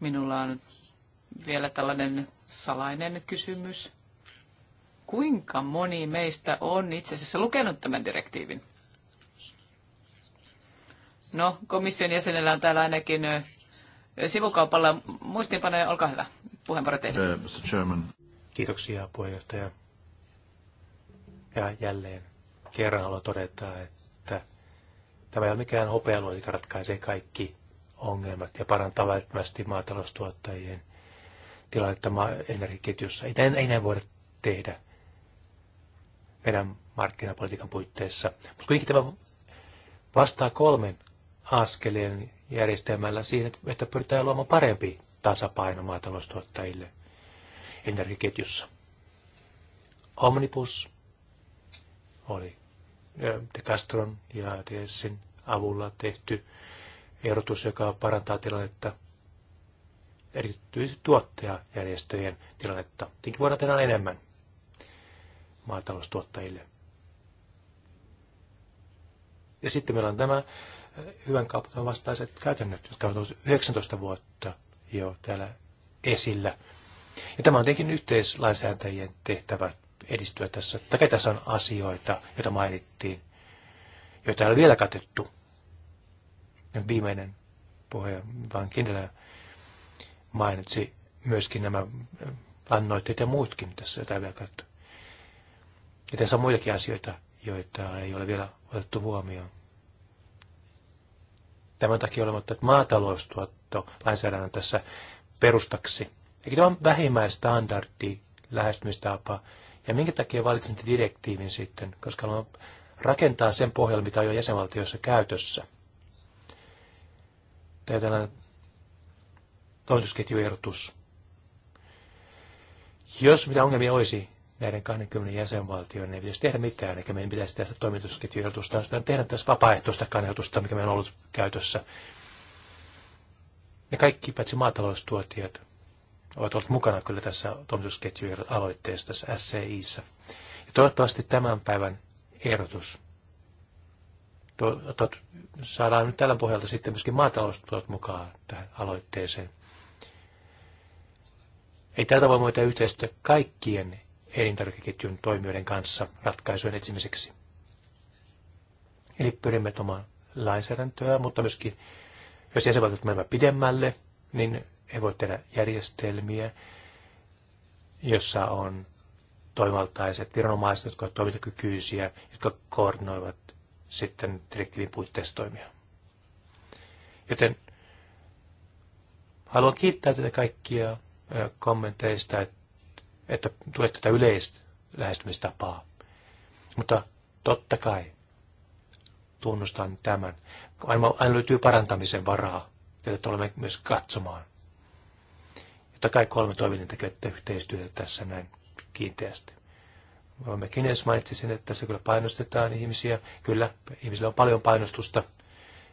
Minulla on vielä tällainen salainen kysymys kuinka moni meistä on itse asiassa lukenut tämän direktiivin? No, komission jäsenellä on täällä ainakin sivukaupalla muistiinpanoja. Olkaa hyvä. Puheenvuoro teille. Mr. Chairman. Kiitoksia puheenjohtaja. Ja jälleen kerran haluan todeta, että tämä ei ole mikään hopealuoli, joka ratkaisee kaikki ongelmat ja parantaa välttämättä maataloustuottajien tilannetta energiaketjussa. Ei, ei näin voida tehdä meidän markkinapolitiikan puitteissa. Mutta kuitenkin tämä vastaa kolmen askeleen järjestelmällä siihen, että pyritään luomaan parempi tasapaino maataloustuottajille energiaketjussa. Omnibus oli De Castron ja Diessin avulla tehty ehdotus, joka parantaa tilannetta erityisesti tuottajajärjestöjen tilannetta. Tietenkin voidaan tehdä enemmän maataloustuottajille. Ja sitten meillä on tämä eh, hyvän kaupan vastaiset käytännöt, jotka ovat 19 vuotta jo täällä esillä. Ja tämä on tietenkin yhteislainsäätäjien tehtävä edistyä tässä. Tai tässä on asioita, joita mainittiin, joita ei ole vielä katettu. Ja viimeinen puhe, vaan Kindelä mainitsi myöskin nämä eh, lannoitteet ja muutkin tässä, joita ei vielä katettu. Ja tässä on muitakin asioita, joita ei ole vielä otettu huomioon. Tämän takia olematta, että maataloustuotto lainsäädännön tässä perustaksi. eikö tämä on vähimmäistandardi lähestymistapa. Ja minkä takia valitsimme direktiivin sitten, koska haluan rakentaa sen pohjalta, mitä on jo jäsenvaltioissa käytössä. Tämä tällainen toimitusketjuerotus. Jos mitä ongelmia olisi, näiden 20 jäsenvaltion niin ei pitäisi tehdä mitään, eikä meidän pitäisi tehdä jos meidän tehdä tässä vapaaehtoista kannatusta, mikä meillä on ollut käytössä. Ja kaikki paitsi maataloustuotijat ovat olleet mukana kyllä tässä toimitusketjujen aloitteessa tässä SCIssä. Ja toivottavasti tämän päivän ehdotus to, to, saadaan nyt tällä pohjalta sitten myöskin maataloustuot mukaan tähän aloitteeseen. Ei tätä voi muuta yhteistyötä kaikkien elintarvikeketjun toimijoiden kanssa ratkaisujen etsimiseksi. Eli pyrimme tuomaan lainsäädäntöä, mutta myöskin, jos jäsenvaltiot menevät pidemmälle, niin he voivat tehdä järjestelmiä, jossa on toimivaltaiset viranomaiset, jotka ovat toimintakykyisiä, jotka koordinoivat sitten direktiivin puitteissa toimia. Joten haluan kiittää teitä kaikkia kommenteista, että että tuet tätä yleistä lähestymistapaa. Mutta totta kai tunnustan tämän. Aina, aina löytyy parantamisen varaa, että tulemme myös katsomaan. Totta kai kolme toiminnan tekevät yhteistyötä tässä näin kiinteästi. Olemme kines mainitsisin, että tässä kyllä painostetaan ihmisiä. Kyllä, ihmisillä on paljon painostusta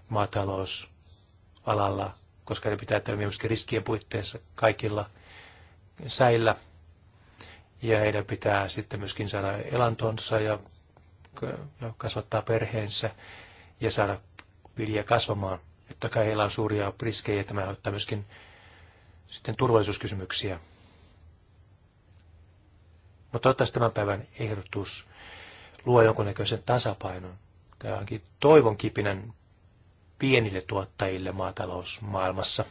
maatalousalalla, koska ne pitää toimia myöskin riskien puitteissa kaikilla säillä ja heidän pitää sitten myöskin saada elantonsa ja kasvattaa perheensä ja saada vilja kasvamaan. Totta kai heillä on suuria riskejä että tämä ottaa myöskin sitten turvallisuuskysymyksiä. Mutta no toivottavasti tämän päivän ehdotus luo jonkunnäköisen tasapainon. Tämä onkin toivon kipinän pienille tuottajille maatalousmaailmassa.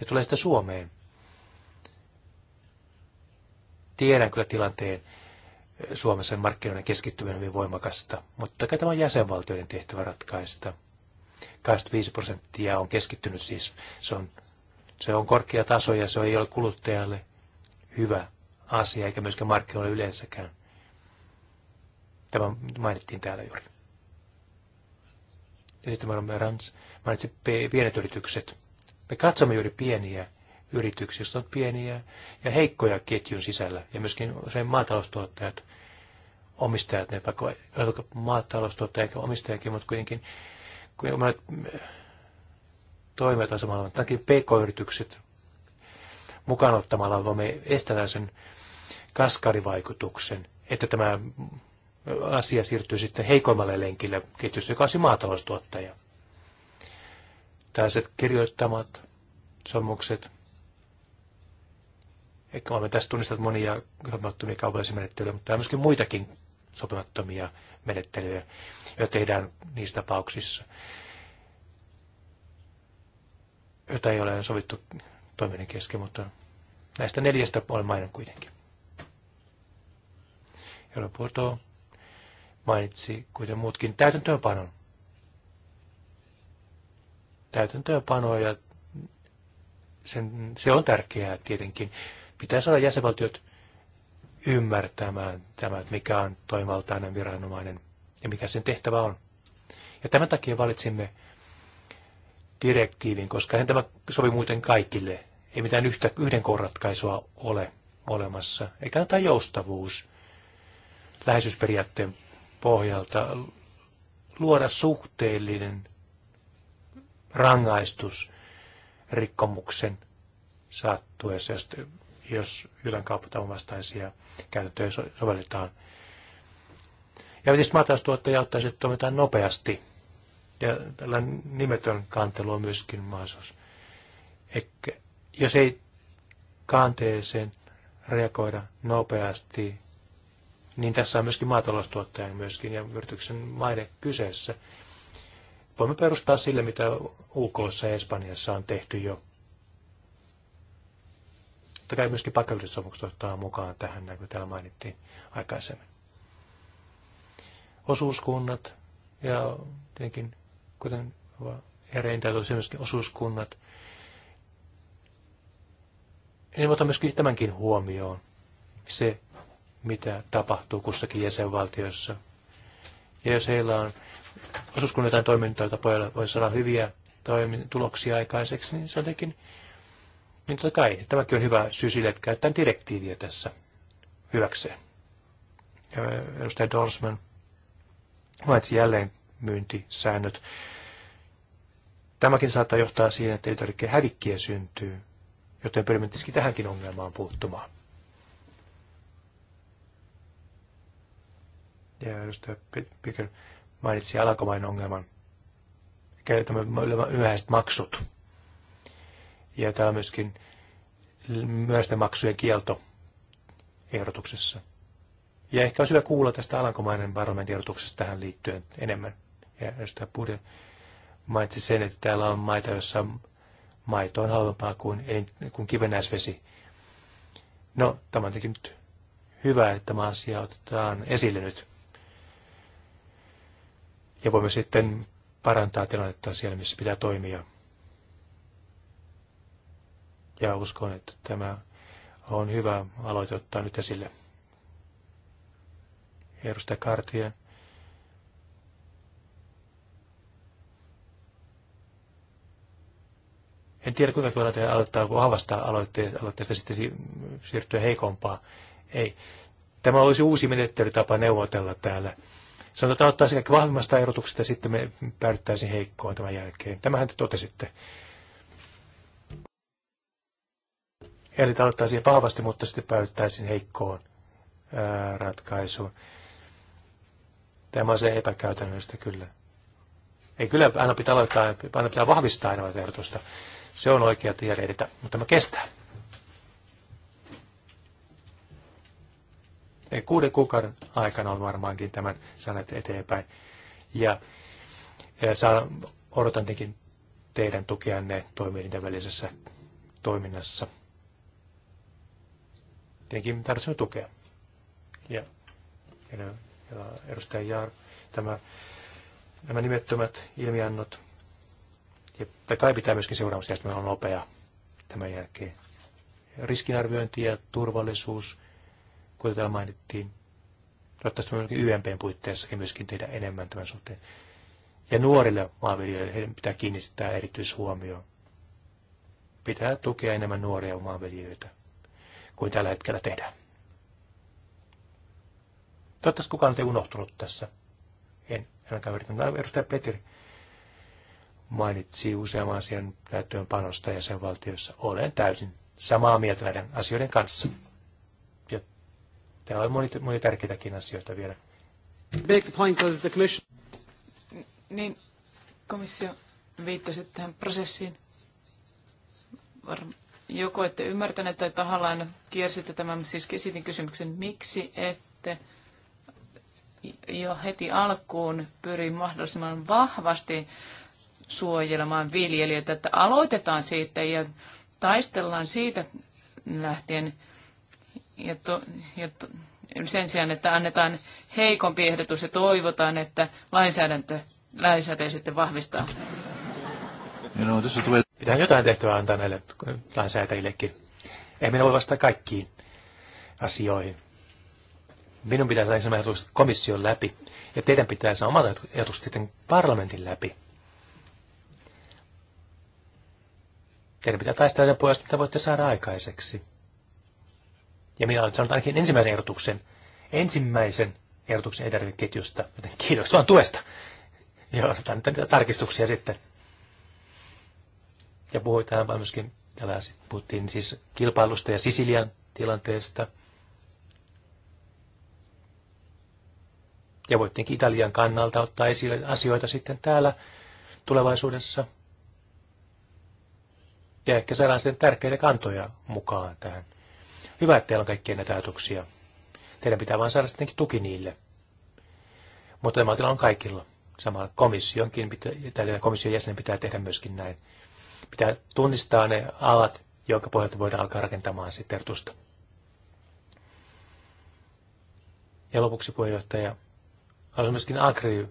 Ja tulee sitten Suomeen tiedän kyllä tilanteen Suomessa markkinoiden keskittyminen hyvin voimakasta, mutta tämä on jäsenvaltioiden tehtävä ratkaista. 25 prosenttia on keskittynyt siis, se on, se on korkea taso ja se ei ole kuluttajalle hyvä asia, eikä myöskään markkinoille yleensäkään. Tämä mainittiin täällä juuri. Ja sitten meillä on Rans, mainitsi pienet yritykset. Me katsomme juuri pieniä yrityksiä, jotka ovat pieniä ja heikkoja ketjun sisällä. Ja myöskin usein maataloustuottajat, omistajat, ne vaikka maataloustuottajat ja omistajakin, mutta kuitenkin kun me eh, toimet on samalla, ainakin pk-yritykset mukaan ottamalla voimme estää sen kaskarivaikutuksen, että tämä asia siirtyy sitten heikoimmalle lenkille ketjussa, joka on maataloustuottaja. Tällaiset kirjoittamat sopimukset ehkä olemme tässä tunnistaneet monia sopimattomia kaupallisia menettelyjä, mutta on myöskin muitakin sopimattomia menettelyjä, joita tehdään niissä tapauksissa, joita ei ole sovittu toiminnan kesken, mutta näistä neljästä olen maininnut kuitenkin. Jolloin Porto mainitsi, kuten muutkin, täytäntöönpanon. Täytäntöönpano ja sen, se on tärkeää tietenkin, Pitää saada jäsenvaltiot ymmärtämään tämä, että mikä on toimivaltainen viranomainen ja mikä sen tehtävä on. Ja tämän takia valitsimme direktiivin, koska hän tämä sovi muuten kaikille. Ei mitään yhtä, yhden ratkaisua ole olemassa. Eikä tämä joustavuus läheisyysperiaatteen pohjalta luoda suhteellinen rangaistus rikkomuksen saattuessa, jos jotain kauppatavan vastaisia käytäntöjä sovelletaan. Ja tietysti siis maataloustuottaja auttaisi, että toimitaan nopeasti. Ja tällä nimetön kantelu on myöskin mahdollisuus. eikä jos ei kanteeseen reagoida nopeasti, niin tässä on myöskin maataloustuottajan myöskin ja yrityksen maine kyseessä. Voimme perustaa sille, mitä UK ja Espanjassa on tehty jo. Totta kai myöskin paikalliset sopimukset ottaa mukaan tähän, näin kuin täällä mainittiin aikaisemmin. Osuuskunnat ja tietenkin, kuten hereintä tosi myöskin osuuskunnat, niin otan myöskin tämänkin huomioon, se mitä tapahtuu kussakin jäsenvaltiossa. Ja jos heillä on osuuskunnan jotain toimintaa, joita voi saada hyviä tuloksia aikaiseksi, niin se on tietenkin niin totta kai, tämäkin on hyvä syy sille, että käyttää direktiiviä tässä hyväkseen. Ja edustaja Dorsman mainitsi jälleen myyntisäännöt. Tämäkin saattaa johtaa siihen, että elintarvikkeen hävikkiä syntyy, joten pyrimme tähänkin ongelmaan puuttumaan. ja edustaja Piker mainitsi alakomain ongelman, Käytämme myöhäiset maksut. Ja täällä myöskin myösten maksujen kielto ehdotuksessa. Ja ehkä olisi hyvä kuulla tästä Alankomainen parlamentin ehdotuksesta tähän liittyen enemmän. Ja edustaja Purja mainitsi sen, että täällä on maita, joissa maito on halvempaa kuin, kuin kivenäisvesi. No, tämä on tietenkin nyt hyvä, että tämä asia otetaan esille nyt. Ja voimme sitten parantaa tilannetta siellä, missä pitää toimia ja uskon, että tämä on hyvä aloittaa nyt esille. Edustaja Kartien. En tiedä, kuinka tuolla te aloittaa vahvasta aloitteesta sitten siirtyä heikompaa. Ei. Tämä olisi uusi menettelytapa neuvotella täällä. Sanotaan, että ottaisiin vahvimmasta erotuksesta ja sitten me päädyttäisiin heikkoon tämän jälkeen. Tämähän te totesitte. Eli aloittaisiin vahvasti, mutta sitten päädyttäisiin heikkoon ää, ratkaisuun. Tämä on se epäkäytännöllistä kyllä. Ei kyllä aina pitää aloittaa, aina pitää vahvistaa aina ehdotusta. Se on oikea tiede edetä, mutta mä kestää. Ei kuuden kuukauden aikana on varmaankin tämän sanat eteenpäin. Ja, ja saan, odotan teidän tukianne toimielinten välisessä toiminnassa tietenkin tarvitsemme tukea. Ja, ja, ja edustaja Jaar, tämä, nämä nimettömät ilmiannot, ja, tai kai pitää myöskin seuraamusjärjestelmä on nopea tämän jälkeen. Riskinarviointi ja turvallisuus, kuten täällä mainittiin, toivottavasti myöskin YMPn puitteissakin myöskin tehdä enemmän tämän suhteen. Ja nuorille maanviljelijöille heidän pitää kiinnittää erityishuomioon. Pitää tukea enemmän nuoria maanviljelijöitä kuin tällä hetkellä tehdään. Toivottavasti kukaan ei unohtunut tässä. En, ainakaan yrittänyt. No, edustaja Petri mainitsi useamman asian täyttöön panosta ja sen valtiossa Olen täysin samaa mieltä näiden asioiden kanssa. Ja täällä on moni, moni tärkeitäkin asioita vielä. Make the point the commission... Niin, komissio viittasi tähän prosessiin. Varm- joko ette ymmärtäneet tai tahallaan kiersitte tämän, siis esitin kysymyksen, miksi ette jo heti alkuun pyri mahdollisimman vahvasti suojelemaan viljelijöitä, että aloitetaan siitä ja taistellaan siitä lähtien ja, to, ja to, sen sijaan, että annetaan heikompi ehdotus ja toivotaan, että lainsäädäntö, lainsäädäntö sitten vahvistaa. You know, Pitää jotain tehtävää antaa näille lainsäätäjillekin. Ei minä voi vastata kaikkiin asioihin. Minun pitää saada ensimmäinen ajatus komission läpi, ja teidän pitää saada omat ajatukset sitten parlamentin läpi. Teidän pitää taistella puolesta, mitä voitte saada aikaiseksi. Ja minä olen saanut ainakin ensimmäisen ehdotuksen. Ensimmäisen ehdotuksen elintarvikeketjusta, joten kiitos tuon tuesta. Joo, otetaan tarkistuksia sitten ja puhui tähän vaan myöskin, täällä puhuttiin siis kilpailusta ja Sisilian tilanteesta. Ja voittiinkin Italian kannalta ottaa esille asioita sitten täällä tulevaisuudessa. Ja ehkä saadaan sitten tärkeitä kantoja mukaan tähän. Hyvä, että teillä on kaikkia näitä ajatuksia. Teidän pitää vain saada sittenkin tuki niille. Mutta tämä on kaikilla samalla komissionkin, pitää, komission jäsenen pitää tehdä myöskin näin. Pitää tunnistaa ne alat, jonka pohjalta voidaan alkaa rakentamaan sitten tertusta. Ja lopuksi puheenjohtaja, haluan myöskin Agri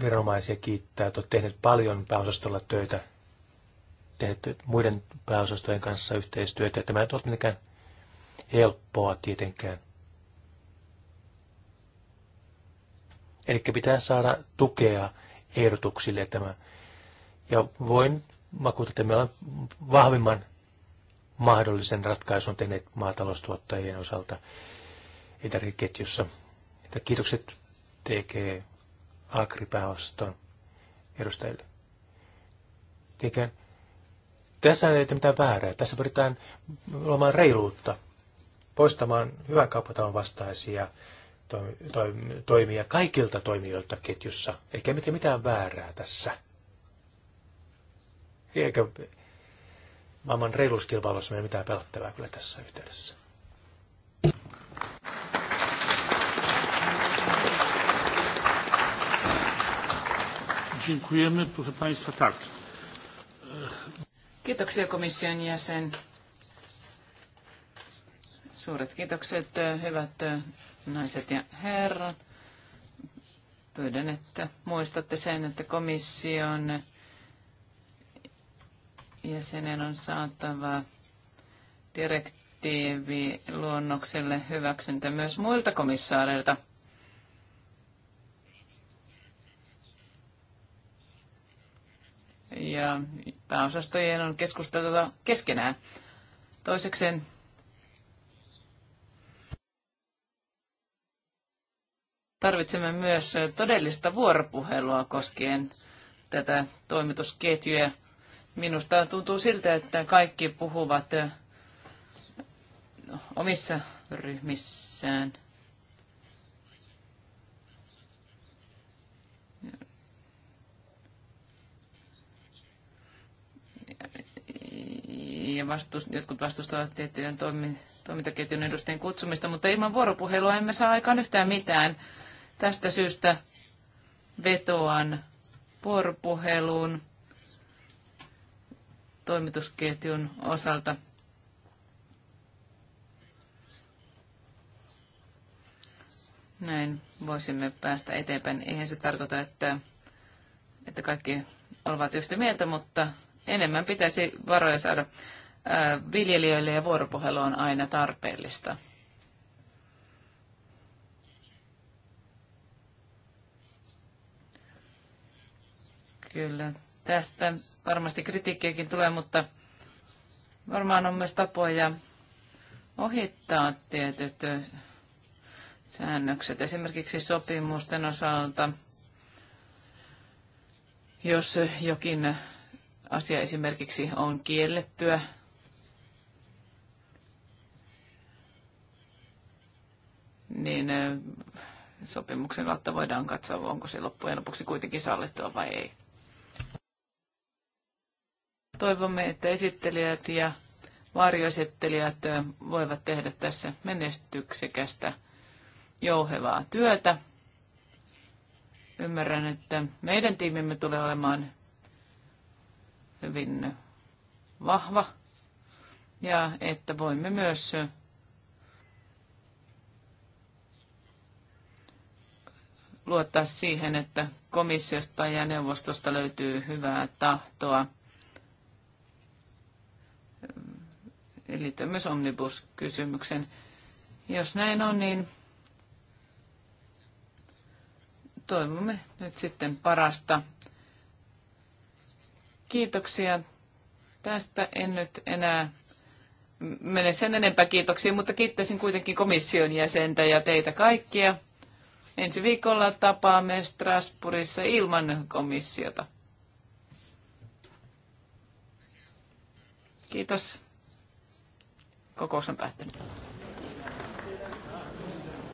viranomaisia kiittää, että olet tehnyt paljon pääosastolla töitä, tehnyt muiden pääosastojen kanssa yhteistyötä. Tämä ei ole mitenkään helppoa tietenkään. Eli pitää saada tukea ehdotuksille tämä ja voin vakuuttaa, että me olemme vahvimman mahdollisen ratkaisun tehneet maataloustuottajien osalta että Kiitokset TG Agri-pääosaston edustajille. Tietenkään tässä ei ole mitään väärää. Tässä pyritään olemaan reiluutta, poistamaan hyvän kauppatavan vastaisia toimia kaikilta toimijoilta ketjussa. Eikä mitään väärää tässä eikä maailman reiluuskilpailussa meillä mitään pelottavaa kyllä tässä yhteydessä. Kiitoksia komission jäsen. Suuret kiitokset, hyvät naiset ja herrat. Pyydän, että muistatte sen, että komission jäsenen on saatava direktiivi luonnokselle hyväksyntä myös muilta komissaareilta. Ja pääosastojen on keskusteltava keskenään. Toisekseen tarvitsemme myös todellista vuoropuhelua koskien tätä toimitusketjua Minusta tuntuu siltä, että kaikki puhuvat omissa ryhmissään. Ja vastust, jotkut vastustavat tiettyjen toimi, toimintaketjun edustajien kutsumista, mutta ilman vuoropuhelua emme saa aikaan yhtään mitään. Tästä syystä vetoan vuoropuheluun toimitusketjun osalta. Näin voisimme päästä eteenpäin. Eihän se tarkoita, että, että kaikki ovat yhtä mieltä, mutta enemmän pitäisi varoja saada viljelijöille ja vuoropuhelu on aina tarpeellista. Kyllä Tästä varmasti kritiikkiäkin tulee, mutta varmaan on myös tapoja ohittaa tietyt säännökset, esimerkiksi sopimusten osalta, jos jokin asia esimerkiksi on kiellettyä, niin eh, sopimuksen kautta voidaan katsoa, onko se loppujen lopuksi kuitenkin sallittua vai ei. Toivomme, että esittelijät ja varjoesittelijät voivat tehdä tässä menestyksekästä jouhevaa työtä. Ymmärrän, että meidän tiimimme tulee olemaan hyvin vahva ja että voimme myös luottaa siihen, että komissiosta ja neuvostosta löytyy hyvää tahtoa liittyy myös omnibus kysymyksen Jos näin on, niin toivomme nyt sitten parasta. Kiitoksia tästä. En nyt enää mene sen enempää kiitoksiin, mutta kiittäisin kuitenkin komission jäsentä ja teitä kaikkia. Ensi viikolla tapaamme Strasbourgissa ilman komissiota. Kiitos. Kokous on päättynyt.